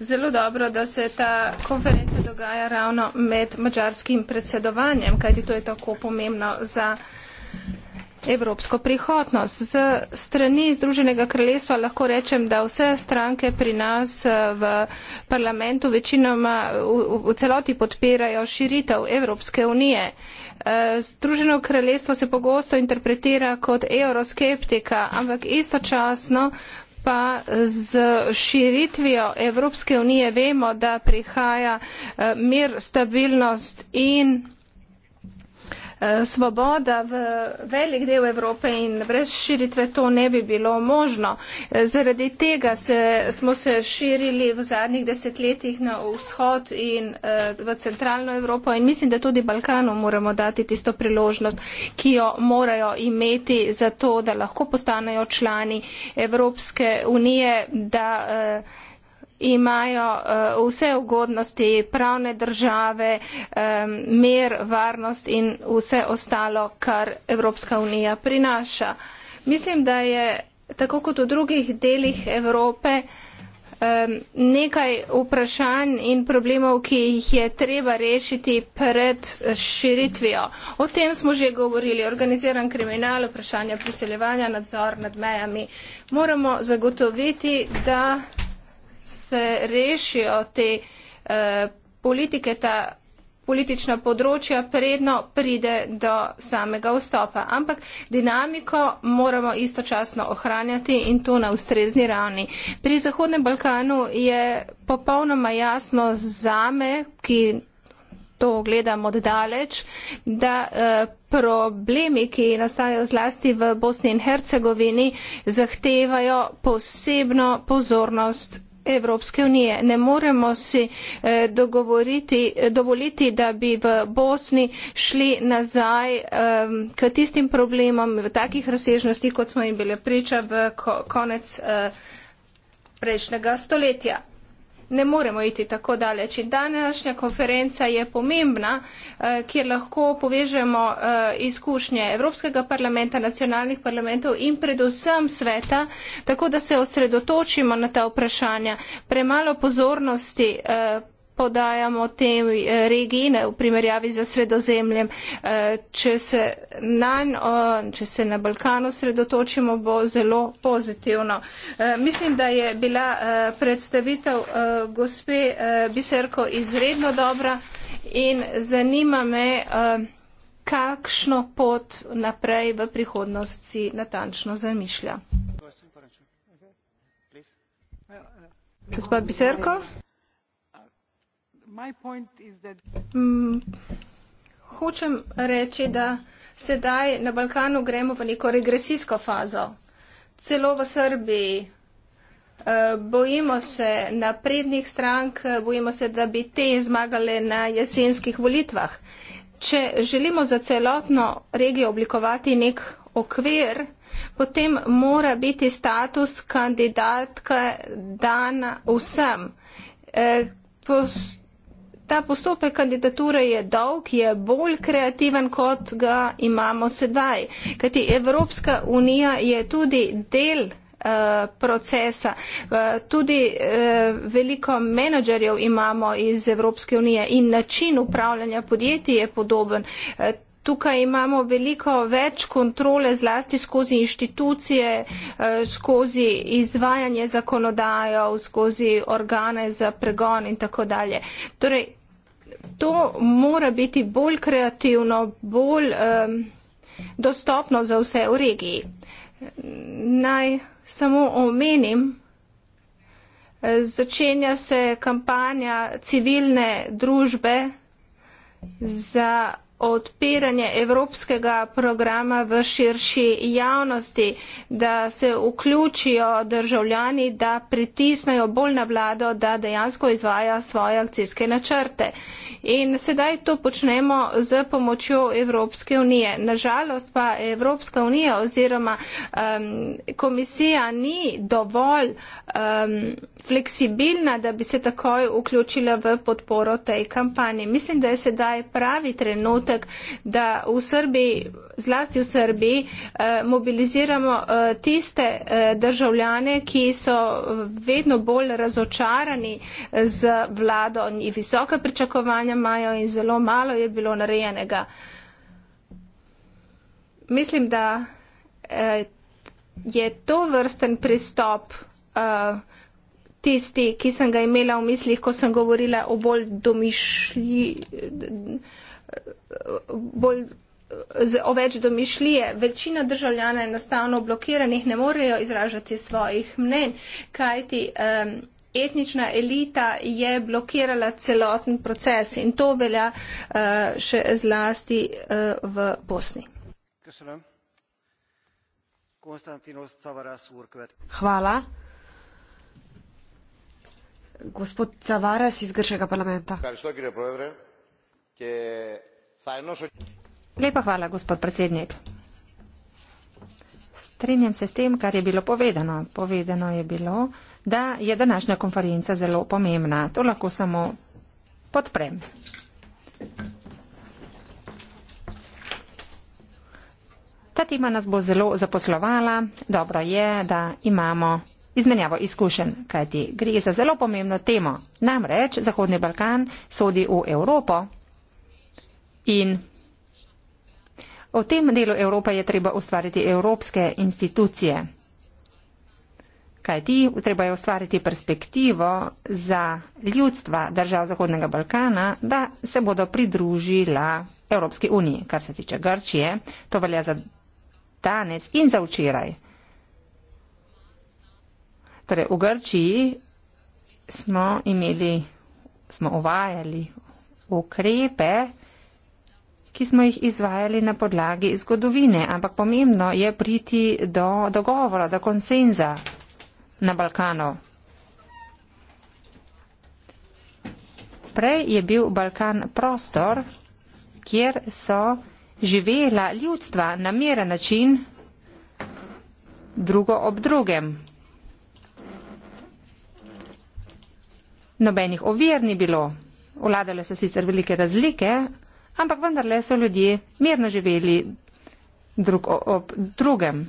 Zelo dobro, da se ta konferenca dogaja ravno med mačarskim predsedovanjem, kajti to je tako pomembno za evropsko prihodnost. Z strani Združenega kraljestva lahko rečem, da vse stranke pri nas eh, v parlamentu večinoma v, v celoti podpirajo širitev Evropske unije. Eh, Združeno kraljestvo se pogosto interpretira kot euroskeptika, ampak istočasno pa z širitvijo Evropske unije vemo, da prihaja eh, mir, stabilnost in Eh, svoboda v velik del Evrope in brez širitve to ne bi bilo možno. Eh, zaradi tega se, smo se širili v zadnjih desetletjih na vzhod in eh, v centralno Evropo in mislim, da tudi Balkanu moramo dati tisto priložnost, ki jo morajo imeti za to, da lahko postanejo člani Evropske unije, da imajo uh, vse ugodnosti pravne države, um, mer, varnost in vse ostalo, kar Evropska unija prinaša. Mislim, da je tako kot v drugih delih Evrope um, nekaj vprašanj in problemov, ki jih je treba rešiti pred širitvijo. O tem smo že govorili, organiziran kriminal, vprašanje priseljevanja, nadzor nad mejami. Moramo zagotoviti, da se rešijo te eh, politike, ta politična področja, predno pride do samega vstopa. Ampak dinamiko moramo istočasno ohranjati in to na ustrezni ravni. Pri Zahodnem Balkanu je popolnoma jasno zame, ki to gledam od daleč, da eh, problemi, ki nastajajo zlasti v Bosni in Hercegovini, zahtevajo posebno pozornost Evropske unije. Ne moremo si eh, eh, dovoliti, da bi v Bosni šli nazaj eh, k tistim problemom v takih razsežnosti, kot smo jim bili priča v konec prejšnjega stoletja ne moremo iti tako daleč. In današnja konferenca je pomembna, eh, kjer lahko povežemo eh, izkušnje Evropskega parlamenta, nacionalnih parlamentov in predvsem sveta, tako da se osredotočimo na ta vprašanja. Premalo pozornosti eh, podajamo tem eh, regiji ne, v primerjavi za sredozemljem. Eh, če se, nanj, če se na Balkanu sredotočimo, bo zelo pozitivno. Eh, mislim, da je bila predstavitev gospe Biserko izredno dobra in zanima me, kakšno pot naprej v prihodnosti natančno zamišlja. Gospod Biserko? Mm, hočem reči, da sedaj na Balkanu gremo v neko regresijsko fazo. Celo v Srbiji e, bojimo se naprednih strank, bojimo se, da bi te zmagale na jesenskih volitvah. Če želimo za celotno regijo oblikovati nek okvir, potem mora biti status kandidatke dan vsem. E, Ta postopek kandidature je dolg, je bolj kreativen, kot ga imamo sedaj. Kajti Evropska unija je tudi del eh, procesa. Eh, tudi eh, veliko menedžerjev imamo iz Evropske unije in način upravljanja podjetij je podoben. Tukaj imamo veliko več kontrole zlasti skozi inštitucije, skozi izvajanje zakonodajo, skozi organe za pregon in tako dalje. Torej, to mora biti bolj kreativno, bolj um, dostopno za vse v regiji. Naj samo omenim, e, začenja se kampanja civilne družbe za odpiranje evropskega programa v širši javnosti, da se vključijo državljani, da pritisnejo bolj na vlado, da dejansko izvaja svoje akcijske načrte. In sedaj to počnemo z pomočjo Evropske unije. Nažalost pa Evropska unija oziroma um, komisija ni dovolj uh, um, fleksibilna, da bi se takoj vključila v podporo tej kampanji. Mislim, da je sedaj pravi trenutek, da v Srbiji, zlasti v Srbiji, eh, mobiliziramo eh, tiste eh, državljane, ki so vedno bolj razočarani z vlado. Njih visoke pričakovanja imajo in zelo malo je bilo narejenega. Mislim, da eh, je to vrsten pristop, uh, tisti, ki sem ga imela v mislih, ko sem govorila o bolj domišlji, bolj, o več domišlije. Večina državljana je enostavno blokiranih, ne morejo izražati svojih mnen, kajti um, etnična elita je blokirala celoten proces in to velja uh, še zlasti uh, v Bosni. Hvala gospod Tavares iz grškega parlamenta. Lepa hvala, gospod predsednik. Strinjam se s tem, kar je bilo povedano. Povedano je bilo, da je današnja konferenca zelo pomembna. To lahko samo podprem. Ta tema nas bo zelo zaposlovala. Dobro je, da imamo izmenjavo izkušenj, kajti gre za zelo pomembno temo. Namreč Zahodni Balkan sodi v Evropo in v tem delu Evrope je treba ustvariti evropske institucije, kajti treba je ustvariti perspektivo za ljudstva držav Zahodnega Balkana, da se bodo pridružila Evropski uniji. Kar se tiče Grčije, to velja za danes in za včeraj. Torej, v Grčiji smo imeli, smo uvajali ukrepe, ki smo jih izvajali na podlagi zgodovine, ampak pomembno je priti do dogovora, do konsenza na Balkanu. Prej je bil Balkan prostor, kjer so živela ljudstva na miren način drugo ob drugem, nobenih ovir ni bilo. Vladale so sicer velike razlike, ampak vendarle so ljudje mirno živeli drug ob drugem.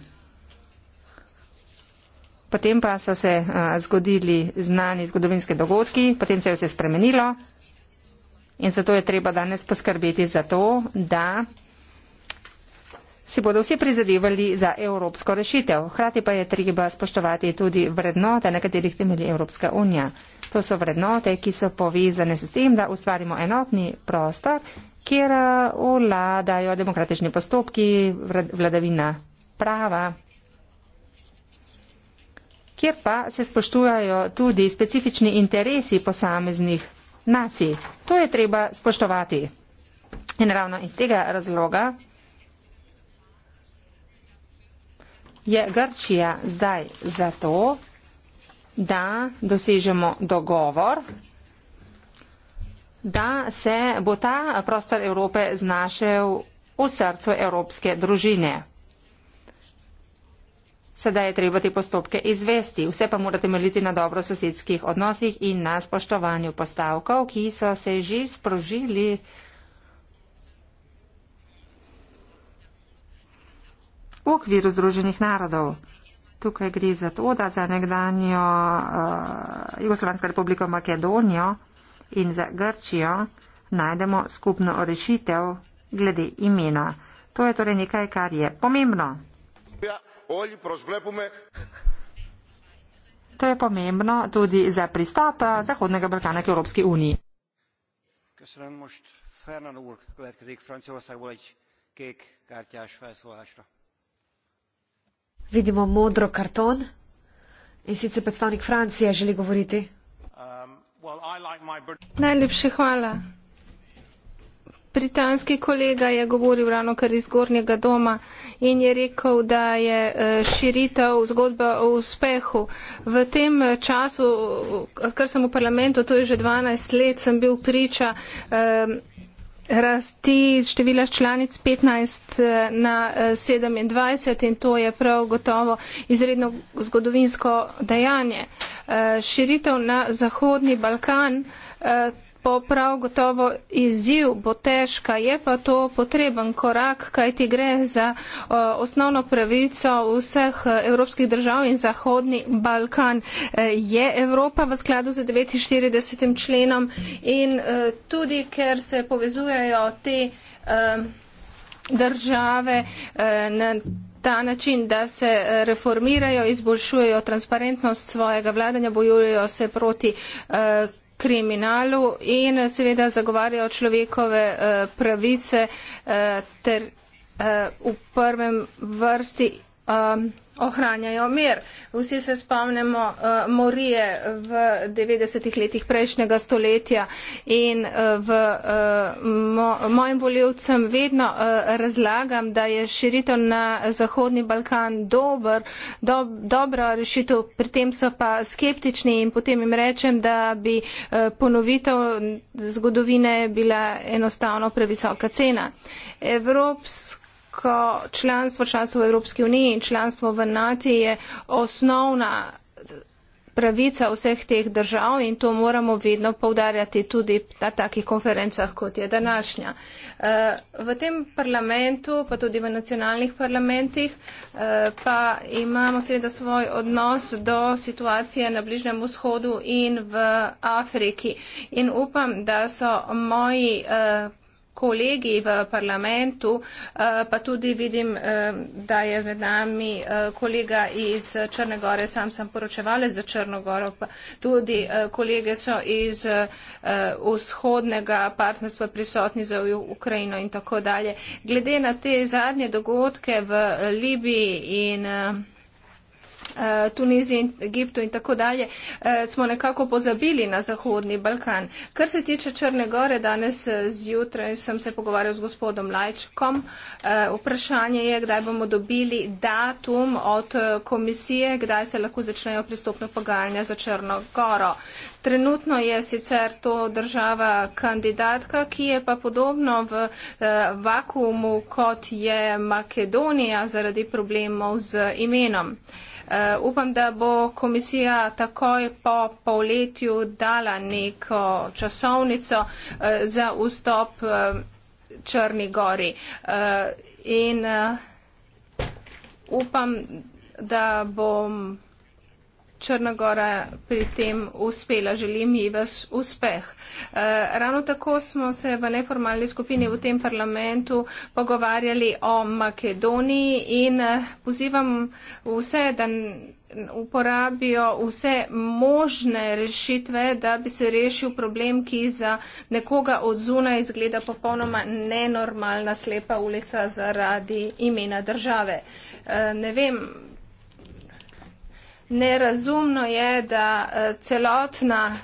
Potem pa so se a, zgodili znani zgodovinski dogodki, potem se je vse spremenilo in zato je treba danes poskrbeti za to, da si bodo vsi prizadevali za evropsko rešitev. Hrati pa je treba spoštovati tudi vrednote, na katerih temelji Evropska unija. To so vrednote, ki so povezane z tem, da ustvarimo enotni prostor, kjer eh, vladajo demokratični postopki, vladavina prava, kjer pa se spoštujajo tudi specifični interesi posameznih nacij. To je treba spoštovati. In ravno iz tega razloga je Grčija zdaj zato, da dosežemo dogovor, da se bo ta prostor Evrope znašel v srcu evropske družine. Sedaj je treba te postopke izvesti, vse pa morate meliti na dobro sosedskih odnosih in na spoštovanju postavkov, ki so se že sprožili okvir Združenih narodov. Tukaj gre za to, da za nekdanjo uh, Jugoslovansko republiko Makedonijo in za Grčijo najdemo skupno rešitev glede imena. To je torej nekaj, kar je pomembno. To je pomembno tudi za pristop eh, Zahodnega Balkana k Evropski uniji vidimo modro karton. In sicer predstavnik Francije želi govoriti. Um, Najlepše hvala. Britanski kolega je govoril ravno kar iz Gornjega doma in je rekel, da je eh, širitev zgodba o uspehu. V tem eh, času, kar sem v parlamentu, to je že 12 let, sem bil priča. Um, rasti števila članic 15 eh, na 27 eh, in to je prav gotovo izredno zgodovinsko dejanje. Eh, širitev na Zahodni Balkan bo prav gotovo izziv, bo težka, je pa to potreben korak, kaj ti gre za osnovno pravico vseh e, evropskih držav in Zahodni Balkan. E, je Evropa v skladu z 49. členom in e, tudi, ker se povezujejo te države na ta način, da se reformirajo, izboljšujejo transparentnost svojega vladanja, bojujejo se proti kriminalu in seveda zagovarjajo človekove eh, pravice eh, ter eh, v prvem vrsti um, ohranjajo mir. Vsi se spomnimo uh, Morije v 90-ih letih prejšnjega stoletja in uh, v uh, mo mojim voljivcem vedno uh, razlagam, da je širitev na Zahodni Balkan dober, do dobro rešitev, pri tem so pa skeptični in potem jim rečem, da bi uh, ponovitev zgodovine bila enostavno previsoka cena. Evropsk nekako članstvo, članstvo v Evropski uniji in članstvo v NATO je osnovna pravica vseh teh držav in to moramo vedno povdarjati tudi na takih konferencah, kot je današnja. Eh, v tem parlamentu, pa tudi v nacionalnih parlamentih, eh, pa imamo seveda svoj odnos do situacije na Bližnem vzhodu in v Afriki. In upam, da so moji eh, kolegi v parlamentu, eh, pa tudi vidim, eh, da je med nami eh, kolega iz Črne gore, sam sem poročevala za Črno goro, pa tudi kolege so iz vzhodnega partnerstva prisotni za Ukrajino in tako dalje. Glede na te zadnje dogodke v Libiji in Eh, Tunizije, Egiptu in tako dalje, eh, smo nekako pozabili na Zahodni Balkan. Kar se tiče Črne Gore, danes eh, zjutraj sem se pogovarjal z gospodom Lajčkom. Vprašanje je, kdaj bomo dobili datum od komisije, kdaj se lahko začnejo pristopno pogajanja za Črno Goro. Trenutno je sicer to država kandidatka, ki je pa podobno v vakumu, kot je Makedonija zaradi problemov z imenom. Eh, upam, da bo komisija takoj po polletju dala neko časovnico eh, za vstop eh, Črni gori. In upam, da bom. Črna gora pri tem uspela, želim ji vaš uspeh. E, ravno tako smo se v neformalni skupini v tem parlamentu pogovarjali o Makedoniji in eh, pozivam vse, da uporabijo vse možne rešitve, da bi se rešil problem, ki za nekoga od zuna izgleda popolnoma nenormalna slepa ulica zaradi imena države. E, ne vem, Nerazumno je, da eh, celotna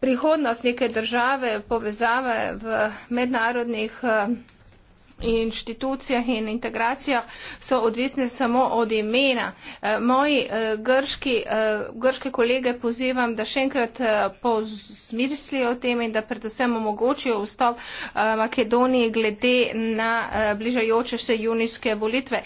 prihodnost neke države povezave v mednarodnih eh, inštitucijah in integracijah so odvisne samo od imena. Eh, moji grški, grške kolege pozivam, da še enkrat pozmislijo o tem in da predvsem omogočijo vstop Makedoniji glede na bližajoče se junijske volitve.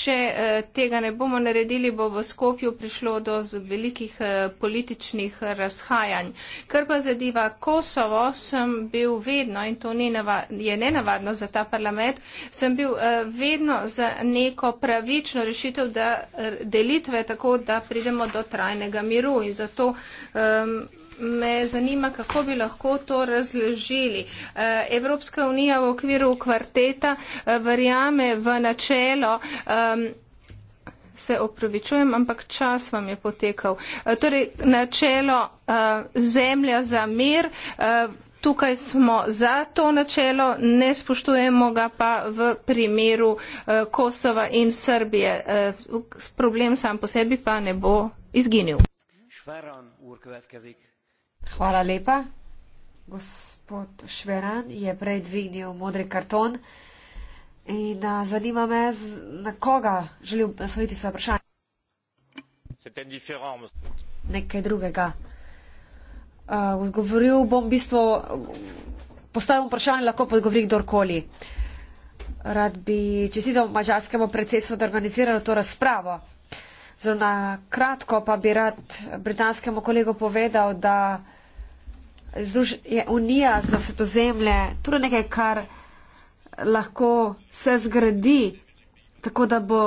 Če eh, tega ne bomo naredili, bo v Skopju prišlo do velikih eh, političnih razhajanj. Kar pa zadeva Kosovo, sem bil vedno, in to je nenavadno za ta parlament, sem bil eh, vedno za neko pravično rešitev, da delitve tako, da pridemo do trajnega miru. In zato um, me zanima, kako bi lahko to razložili. Eh, Evropska unija v okviru kvarteta eh, verjame v načelo. Um, se opravičujem, ampak čas vam je potekal. Eh, torej, načelo uh, zemlja za mir. Uh, Tukaj smo za to načelo, ne spoštujemo ga pa v primeru eh, Kosova in Srbije. Eh, problem sam po sebi pa ne bo izginil. Šferan, ur, Hvala lepa. Gospod Šveran je prej dvignil modri karton in a, zanima me, z, na koga želim nasloviti svoje vprašanje. Nekaj drugega. Odgovoril bom v bistvu, postavim vprašanje, lahko pa odgovori kdorkoli. Rad bi čestitev mađarskemu predsedstvu, da organiziralo to razpravo. Zelo na kratko pa bi rad britanskemu kolegu povedal, da je unija za svetozemlje, torej nekaj, kar lahko se zgradi, tako da bo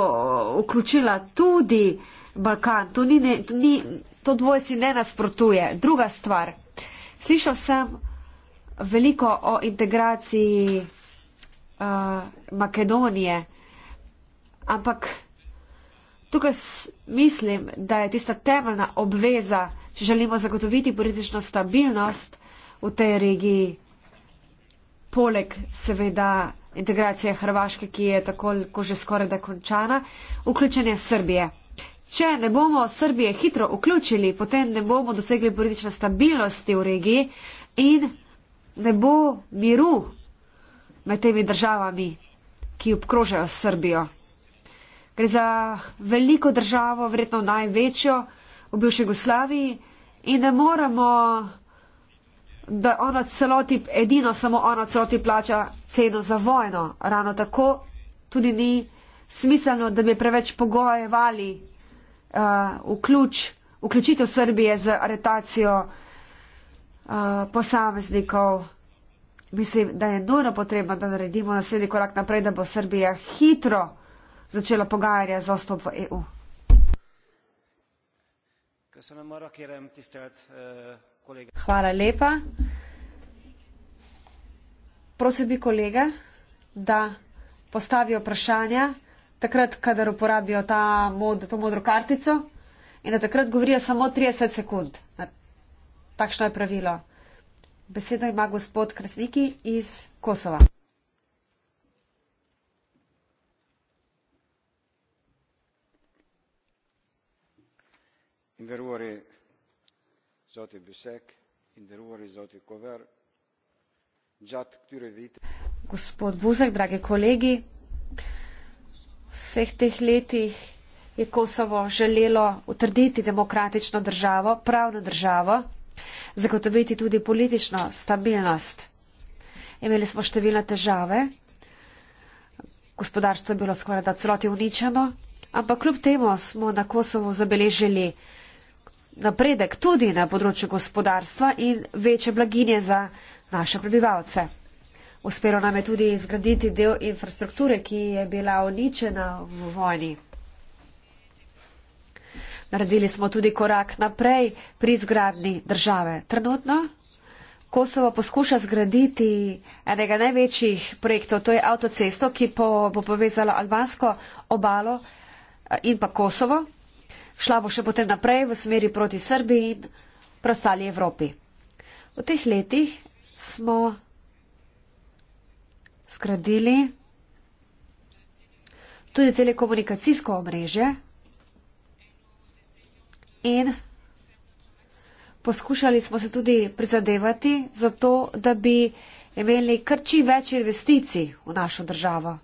vključila tudi Balkan. To, ni, to, ni, to dvoje si ne nasprotuje. Druga stvar. Slišal sem veliko o integraciji uh, Makedonije, ampak tukaj mislim, da je tista temeljna obveza, če želimo zagotoviti politično stabilnost, v tej regiji, poleg seveda integracije Hrvaške, ki je tako, ko že skoraj da končana, vključenje Srbije. Če ne bomo Srbije hitro vključili, potem ne bomo dosegli politične stabilnosti v regiji in ne bo miru med temi državami, ki obkrožajo Srbijo. Gre za veliko državo, verjetno največjo v bivši Jugoslaviji in ne moramo da ona celoti, edino samo ona celoti plača ceno za vojno. Ravno tako tudi ni smiselno, da bi preveč pogojevali uh, vključ, vključitev Srbije z aretacijo uh, posameznikov. Mislim, da je nujno potrebno, da naredimo naslednji korak naprej, da bo Srbija hitro začela pogajanja za vstop v EU. Köszönöm, Marakérem, tisztelt uh... Hvala lepa. Prosim bi kolega, da postavijo vprašanja takrat, kadar uporabijo ta mod, to modro kartico in da takrat govorijo samo 30 sekund. Takšno je pravilo. Besedo ima gospod Krasviki iz Kosova zoti Bisek in drugi zoti Kover. Džat, kjer vidite. Gospod Buzek, dragi kolegi, vseh teh letih je Kosovo želelo utrditi demokratično državo, pravno državo, zagotoviti tudi politično stabilnost. Imeli smo številne težave, gospodarstvo je bilo skoraj da celoti uničeno, ampak kljub temu smo na Kosovo zabeležili napredek tudi na področju gospodarstva in večje blaginje za naše prebivalce. Uspelo nam je tudi izgraditi del infrastrukture, ki je bila uničena v vojni. Naredili smo tudi korak naprej pri izgradni države. Trenutno Kosovo poskuša zgraditi enega največjih projektov, to je avtocesto, ki bo povezala albansko obalo eh, in pa Kosovo šla bo še potem naprej v smeri proti Srbiji in prostali Evropi. V teh letih smo zgradili tudi telekomunikacijsko omrežje in poskušali smo se tudi prizadevati za to, da bi imeli kar čim več investicij v našo državo.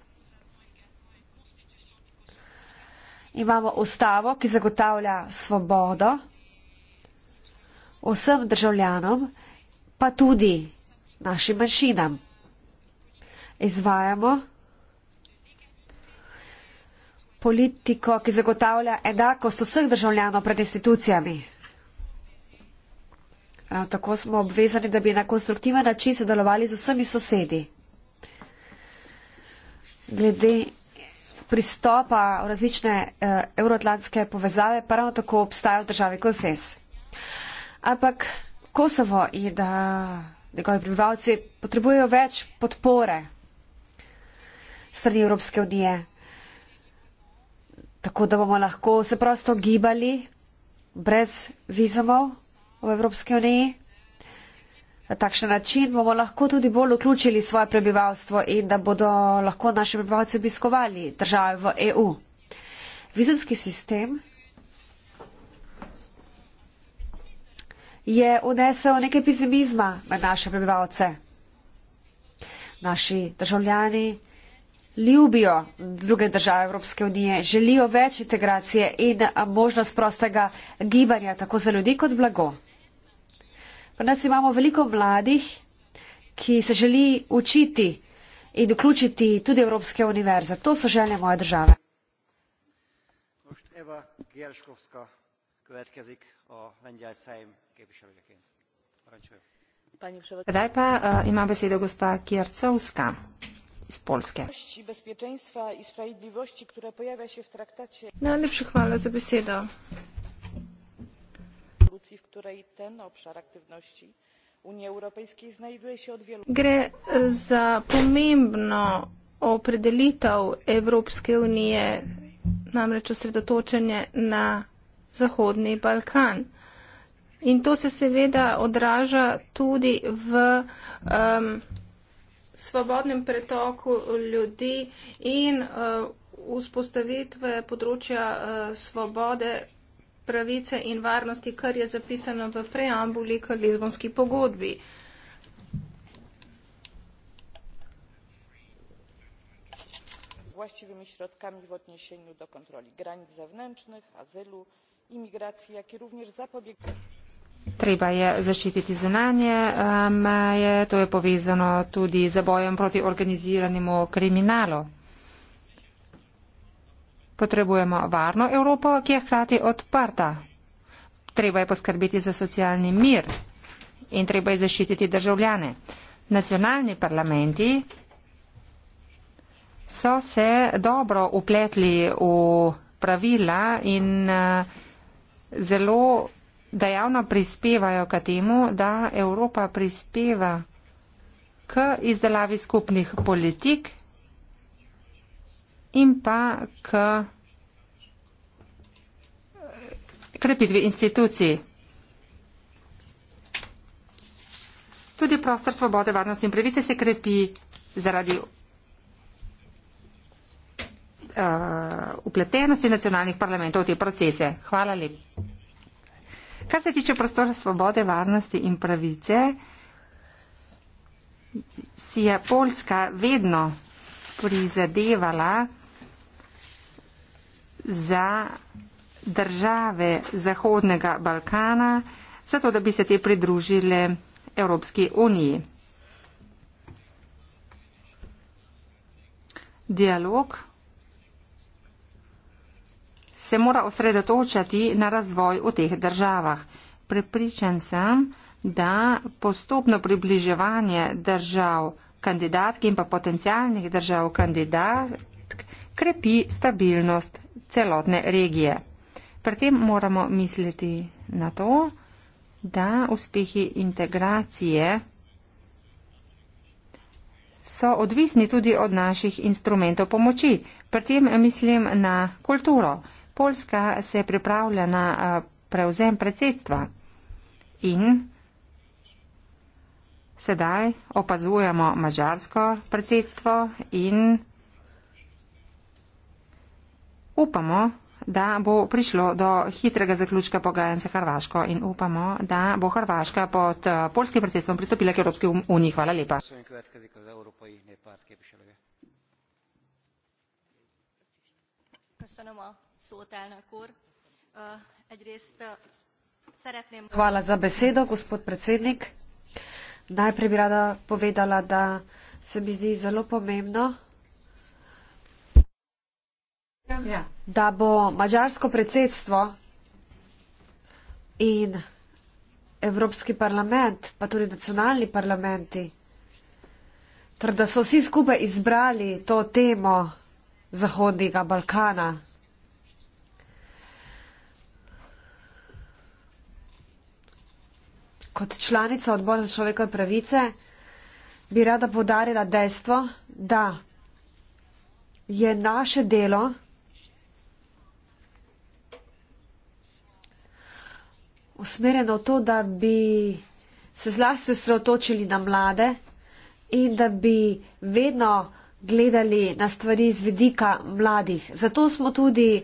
imamo ustavo, ki zagotavlja svobodo vsem državljanom, pa tudi našim manjšinam. Izvajamo politiko, ki zagotavlja enakost vseh državljanov pred institucijami. Ravno tako smo obvezani, da bi na konstruktiven način sodelovali z vsemi sosedi. Glede pristopa v različne eh, euroatlantske povezave, pa ravno tako obstaja v državi konsens. Ampak Kosovo in da eh, njegovi prebivalci potrebujejo več podpore strani Evropske unije, tako da bomo lahko se prosto gibali brez vizumov v Evropske uniji. Na takšen način bomo lahko tudi bolj vključili svoje prebivalstvo in da bodo lahko naši prebivalci obiskovali države v EU. Vizumski sistem je unesel nekaj pesimizma med naše prebivalce. Naši državljani ljubijo druge države Evropske unije, želijo več integracije in možnost prostega gibanja tako za ljudi kot blago. Pa nas imamo veliko mladih, ki se želi učiti in vključiti tudi Evropske univerze. To so želje moje države. Kdaj pa uh, ima besedo gospa Kjercovska iz Polske? Najlepša hvala za besedo rezolucji w której ten obszar aktywności unii europejskiej znajduje się od wielu gre e, za pomembno opredelitev Evropske unije, namreč osredotočenje na Zahodni Balkan. In to se seveda odraža tudi v um, svobodnem pretoku ljudi in uh, vzpostavitve področja uh, svobode pravice in varnosti, kar je zapisano v preambuli k Lizbonski pogodbi. Vlastivimi sredstvi v odnesenju do kontroli granic zunanjih, azilu, imigracije, kak je tudi zapobjeg. Treba je zaščititi zunanje eh, meje, to je povezano tudi z bojem proti organiziranemu kriminalu. Potrebujemo varno Evropo, ki je hkrati odprta. Treba je poskrbeti za socialni mir in treba je zaščititi državljane. Nacionalni parlamenti so se dobro upletli v pravila in eh, zelo dejavno prispevajo k temu, da Evropa prispeva k izdelavi skupnih politik in pa k krepitvi institucij. Tudi prostor svobode, varnosti in pravice se krepi zaradi uh, eh, upletenosti nacionalnih parlamentov v te procese. Hvala lepa. Kar se tiče prostora svobode, varnosti in pravice, si je Poljska vedno prizadevala za države Zahodnega Balkana, zato da bi se te pridružile Evropski uniji. Dialog se mora osredotočati na razvoj v teh državah. Prepričan sem, da postopno približevanje držav kandidatki in pa potencijalnih držav kandidat, krepi stabilnost celotne regije. Pri tem moramo misliti na to, da uspehi integracije so odvisni tudi od naših instrumentov pomoči. Pri tem mislim na kulturo. Poljska se pripravlja na eh, prevzem predsedstva in sedaj opazujemo mađarsko predsedstvo in upamo, da bo prišlo do hitrega zaključka pogajanj s Hrvaško in upamo, da bo Hrvaška pod eh, polskim predsedstvom pristopila k Evropski um-, uniji. Hvala lepa. Hvala za besedo, gospod predsednik. Najprej bi rada povedala, da se mi zdi zelo pomembno, Ja. da bo mađarsko predsedstvo in Evropski parlament, pa tudi nacionalni parlamenti, torej da so vsi skupaj izbrali to temo Zahodnega Balkana. Kot članica odbora za človekove pravice bi rada podarila dejstvo, da je naše delo, usmerjeno v to, da bi se zlasti sreotočili na mlade in da bi vedno gledali na stvari z vidika mladih. Zato smo tudi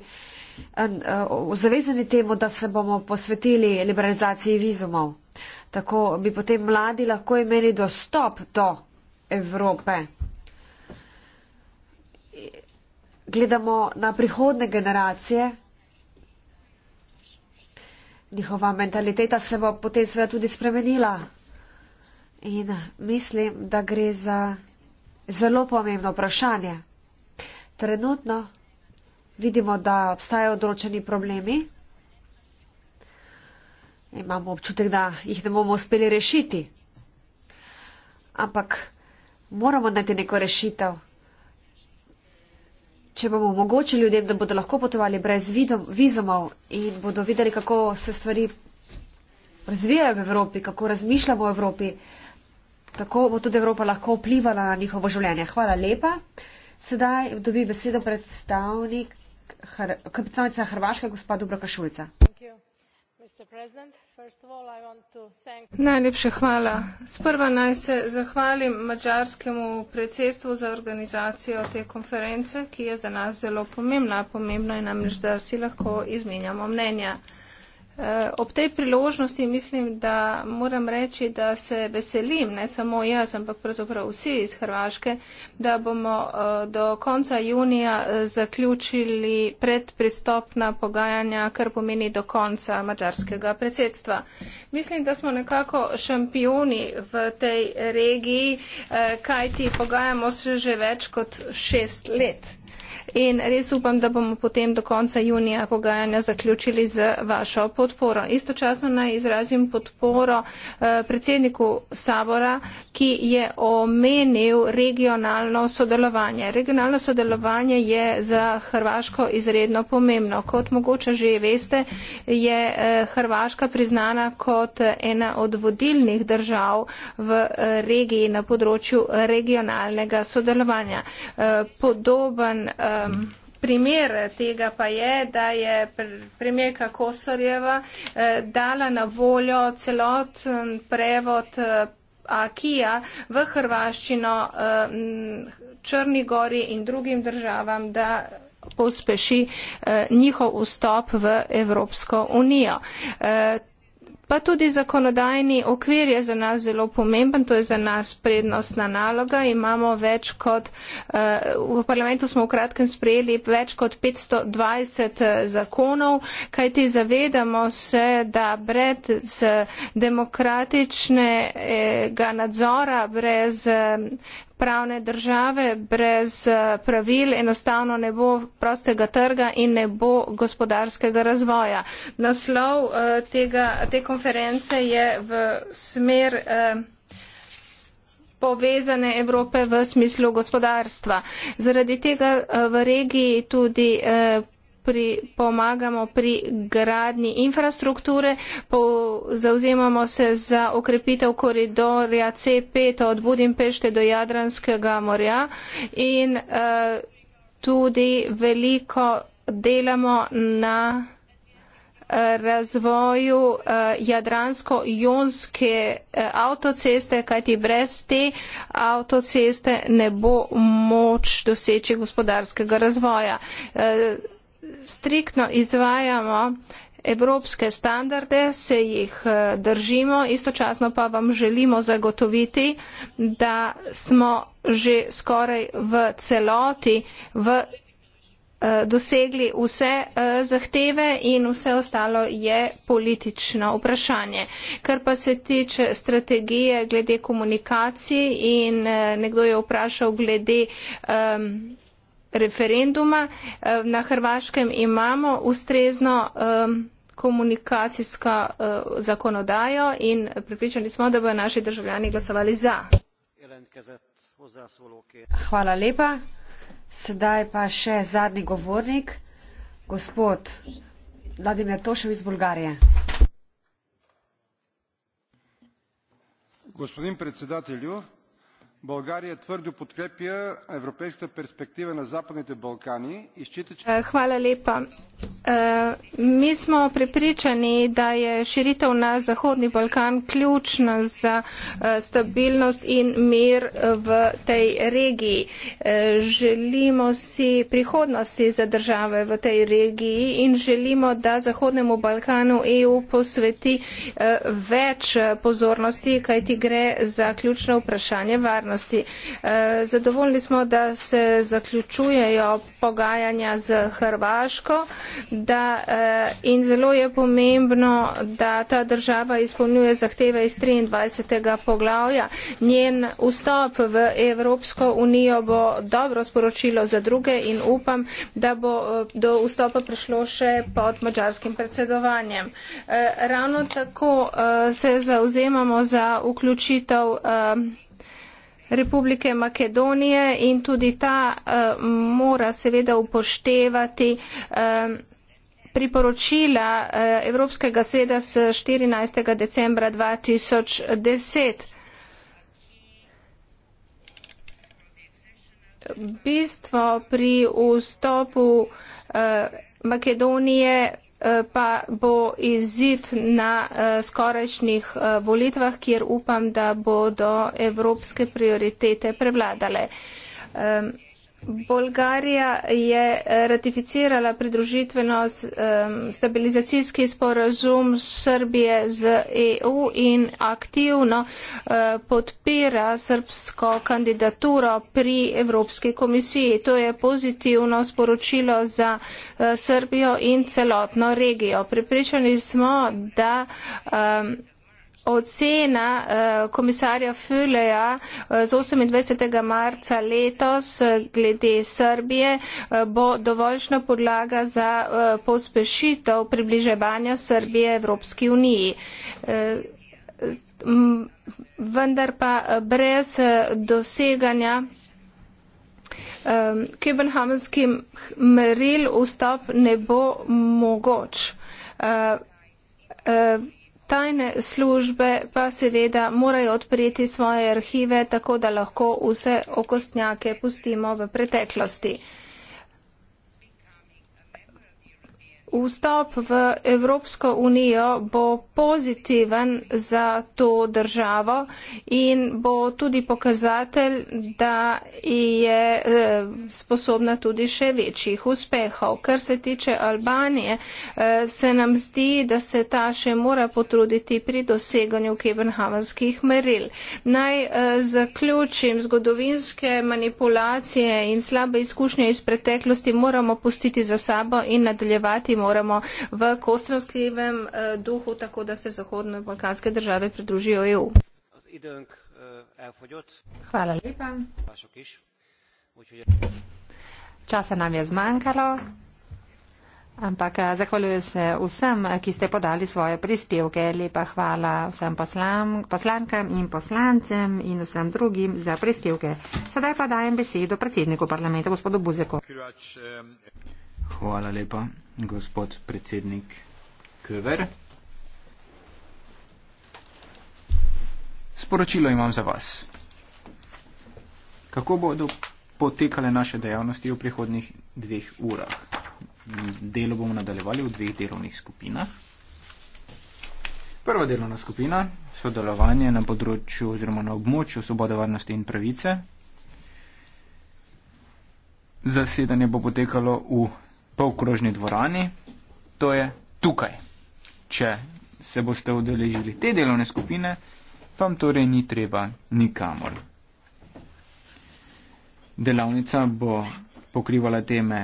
ozavezani e, temu, da se bomo posvetili liberalizaciji vizumov. Tako bi potem mladi lahko imeli dostop do Evrope. Gledamo na prihodne generacije njihova mentaliteta se bo potem seveda tudi spremenila. In mislim, da gre za zelo pomembno vprašanje. Trenutno vidimo, da obstajajo odročeni problemi. Imamo občutek, da jih ne bomo uspeli rešiti. Ampak moramo najti neko rešitev če bomo omogočili ljudem, da bodo lahko potovali brez vizumov in bodo videli, kako se stvari razvijajo v Evropi, kako razmišljamo o Evropi, tako bo tudi Evropa lahko vplivala na njihovo življenje. Hvala lepa. Sedaj dobi besedo predstavnik, kapitanica Hrvaška, gospod Dubroka Šulca. Najlepša hvala. Sprva naj se zahvalim mađarskemu predsedstvu za organizacijo te konference, ki je za nas zelo pomembna. Pomembno je namreč, da si lahko izmenjamo mnenja. Eh, ob tej priložnosti mislim, da moram reči, da se veselim, ne samo jaz, ampak pravzaprav vsi iz Hrvaške, da bomo eh, do konca junija eh, zaključili predpristopna pogajanja, kar pomeni do konca mačarskega predsedstva. Mislim, da smo nekako šampioni v tej regiji, kajti pogajamo se že več kot šest let. In res upam, da bomo potem do konca junija pogajanja zaključili z vašo podporo. Istočasno naj izrazim podporo eh, predsedniku sabora, ki je omenil regionalno sodelovanje. Regionalno sodelovanje je za Hrvaško izredno pomembno. Kot mogoče že veste, je eh, Hrvaška priznana kot ena od vodilnih držav v eh, regiji na področju regionalnega sodelovanja. Podoben um, primer tega pa je, da je premijerka Kosorjeva uh, eh, dala na voljo celoten prevod uh, Akija v hrvaščino uh, Črni gori in drugim državam, da pospeši uh, njihov vstop v Evropsko unijo. Uh, pa tudi zakonodajni okvir je za nas zelo pomemben, to je za nas prednostna naloga. Imamo več kot, eh, v parlamentu smo v kratkem sprejeli več kot 520 eh, zakonov, kajti zavedamo se, da brez demokratičnega nadzora, brez pravne države, brez eh, pravil enostavno ne bo prostega trga in ne bo gospodarskega razvoja. Naslov eh, tega, te konference je v smer eh, povezane Evrope v smislu gospodarstva. Zaradi tega v regiji tudi pri, pomagamo pri gradnji infrastrukture, po, zauzemamo se za ukrepitev koridorja C5 od Budimpešte do Jadranskega morja in uh, tudi veliko delamo na eh, razvoju eh, jadransko-jonske eh, avtoceste, kajti brez te avtoceste ne bo moč doseči gospodarskega razvoja. Eh, striktno izvajamo evropske standarde, se jih eh, držimo, istočasno pa vam želimo zagotoviti, da smo že skoraj v celoti v eh, dosegli vse eh, zahteve in vse ostalo je politično vprašanje. Ker pa se tiče strategije glede komunikacij in nekdo je vprašal glede um, referenduma. Eh, na Hrvaškem imamo ustrezno eh, komunikacijsko eh, zakonodajo in pripričani smo, da bodo naši državljani glasovali za. Hvala lepa. Sedaj pa še zadnji govornik, gospod Vladimir Tošev iz Bulgarije. Gospodin predsedatelju, bolgarija trdno podpira evropske perspektive na zahodnih balkanih mi smo prepričani da je širitev na zahodni balkan ključna za stabilnost in mir v tej regiji želimo si prihodnosti za države v tej regiji in želimo da zahodnemu balkanu eu posveti e, več pozornosti kajti gre za ključno vprašanje varnosti varnosti. Eh, zadovoljni smo, da se zaključujejo pogajanja z Hrvaško da, eh, in zelo je pomembno, da ta država izpolnjuje zahteve iz 23. poglavja. Njen vstop v Evropsko unijo bo dobro sporočilo za druge in upam, da bo eh, do vstopa prišlo še pod mačarskim predsedovanjem. Ravno tako se zauzemamo za vključitev Republike Makedonije in tudi ta uh, mora seveda upoštevati um, priporočila uh, Evropskega sveda s 14. decembra 2010. Bistvo pri vstopu uh, Makedonije pa bo izid na eh, skorajšnjih eh, volitvah, kjer upam, da bodo evropske prioritete prevladale. Bolgarija je eh, ratificirala pridružitveno stabilizacijski sporazum Srbije z EU in aktivno eh, podpira srbsko kandidaturo pri Evropski komisiji. To je pozitivno sporočilo za eh, Srbijo in celotno regijo. Pripričani smo, da. Um, ocena eh, komisarja Füleja eh, z 28. marca letos eh, glede Srbije bo dovoljšna podlaga za pospešitev približevanja Srbije Evropski uniji. Vendar pa brez doseganja kibenhamenskih meril vstop ne bo mogoč tajne službe pa seveda morajo odpreti svoje arhive, tako da lahko vse okostnjake pustimo v preteklosti. Vstop v Evropsko unijo bo pozitiven za to državo in bo tudi pokazatelj, da je eh, sposobna tudi še večjih uspehov. Kar se tiče Albanije, eh, se nam zdi, da se ta še mora potruditi pri doseganju kebenhavanskih meril. Naj eh, zaključim, zgodovinske manipulacije in slabe izkušnje iz preteklosti moramo pustiti za sabo in nadaljevati moramo v kostrovskljivem eh, duhu, tako da se Zahodne balkanske države pridružijo EU. Eh, hvala lepa. Časa nam je zmanjkalo, ampak eh, zahvaljujem se vsem, ki ste podali svoje prispevke. Lepa hvala vsem poslan, poslankam in poslancem in vsem drugim za prispevke. Sedaj pa dajem besedo predsedniku parlamenta, gospodu Buzeko. Hvala lepa gospod predsednik Kever. Sporočilo imam za vas. Kako bodo potekale naše dejavnosti v prihodnih dveh urah? Delo bomo nadaljevali v dveh delovnih skupinah. Prva delovna skupina je sodelovanje na področju oziroma na območju svobode, varnosti in pravice. Zasedanje bo potekalo v polkrožni dvorani, to je tukaj. Če se boste udeležili te delovne skupine, vam torej ni treba nikamor. Delavnica bo pokrivala teme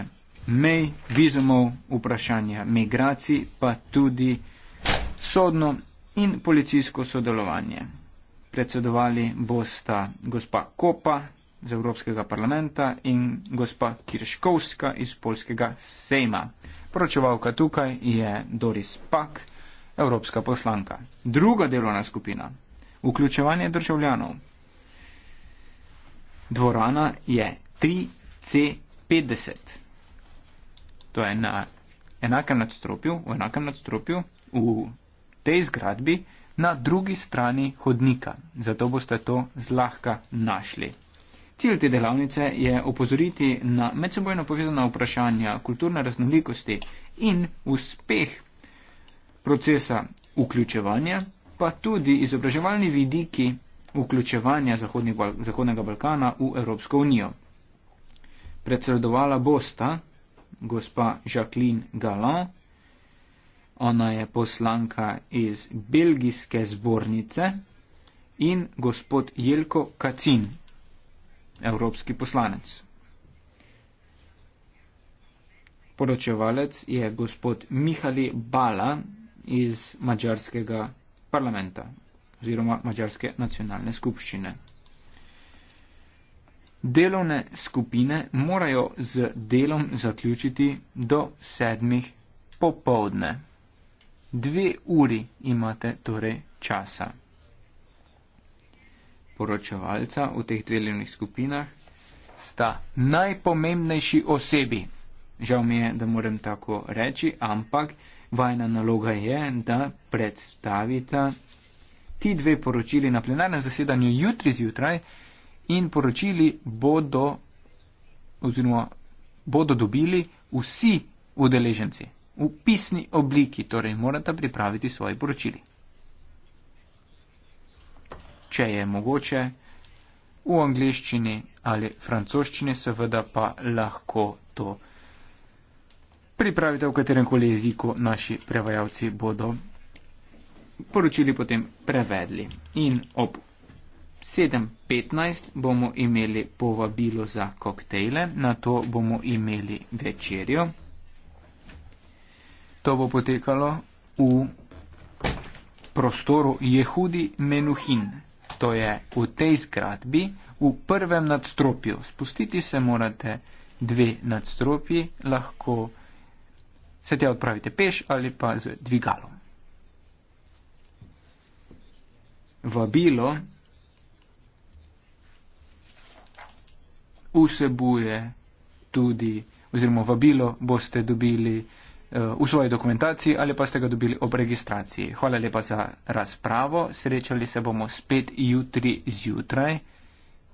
mej, vizumov, vprašanja migracij, pa tudi sodno in policijsko sodelovanje. Predsedovali bosta gospa Kopa, z Evropskega parlamenta in gospa Kirškovska iz Polskega sejma. Poročevalka tukaj je Doris Pak, Evropska poslanka. Druga delovna skupina. Vključevanje državljanov. Dvorana je 3C50. To je na enakem nadstropju, v enakem nadstropju, v tej zgradbi, na drugi strani hodnika. Zato boste to zlahka našli. Cilj te delavnice je opozoriti na medsebojno povezana vprašanja kulturne raznolikosti in uspeh procesa vključevanja, pa tudi izobraževalni vidiki vključevanja Zahodnega Balkana v Evropsko unijo. Predsedovala bosta gospa Jacqueline Galan, ona je poslanka iz belgijske zbornice, in gospod Jelko Kacin, evropski poslanec. Poročevalec je gospod Mihali Bala iz mačarskega parlamenta oziroma mačarske nacionalne skupščine. Delovne skupine morajo z delom zaključiti do sedmih popovdne. Dve uri imate torej časa poročevalca v teh delovnih skupinah sta najpomembnejši osebi. Žal mi je, da moram tako reči, ampak vajna naloga je, da predstavita ti dve poročili na plenarnem zasedanju jutri zjutraj in poročili bodo oziroma bodo dobili vsi udeleženci v pisni obliki, torej morata pripraviti svoje poročili če je mogoče, v angliščini ali francoščini seveda pa lahko to pripravite v katerem koli jeziku, naši prevajalci bodo poročili potem prevedli. In ob 7.15 bomo imeli povabilo za koktejle, na to bomo imeli večerjo. To bo potekalo v prostoru Jehudi Menuhin mesto je v tej zgradbi, v prvem nadstropju. Spustiti se morate dve nadstropji, lahko se tja odpravite peš ali pa z dvigalom. Vabilo vsebuje tudi, oziroma vabilo boste dobili. Eh, v svoji dokumentaciji ali pa ste ga dobili ob registraciji. Hvala lepa za razpravo. Srečali se bomo spet jutri zjutraj.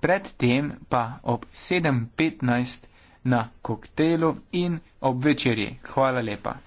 Predtem pa ob 7.15 na koktelu in ob večerji. Hvala lepa.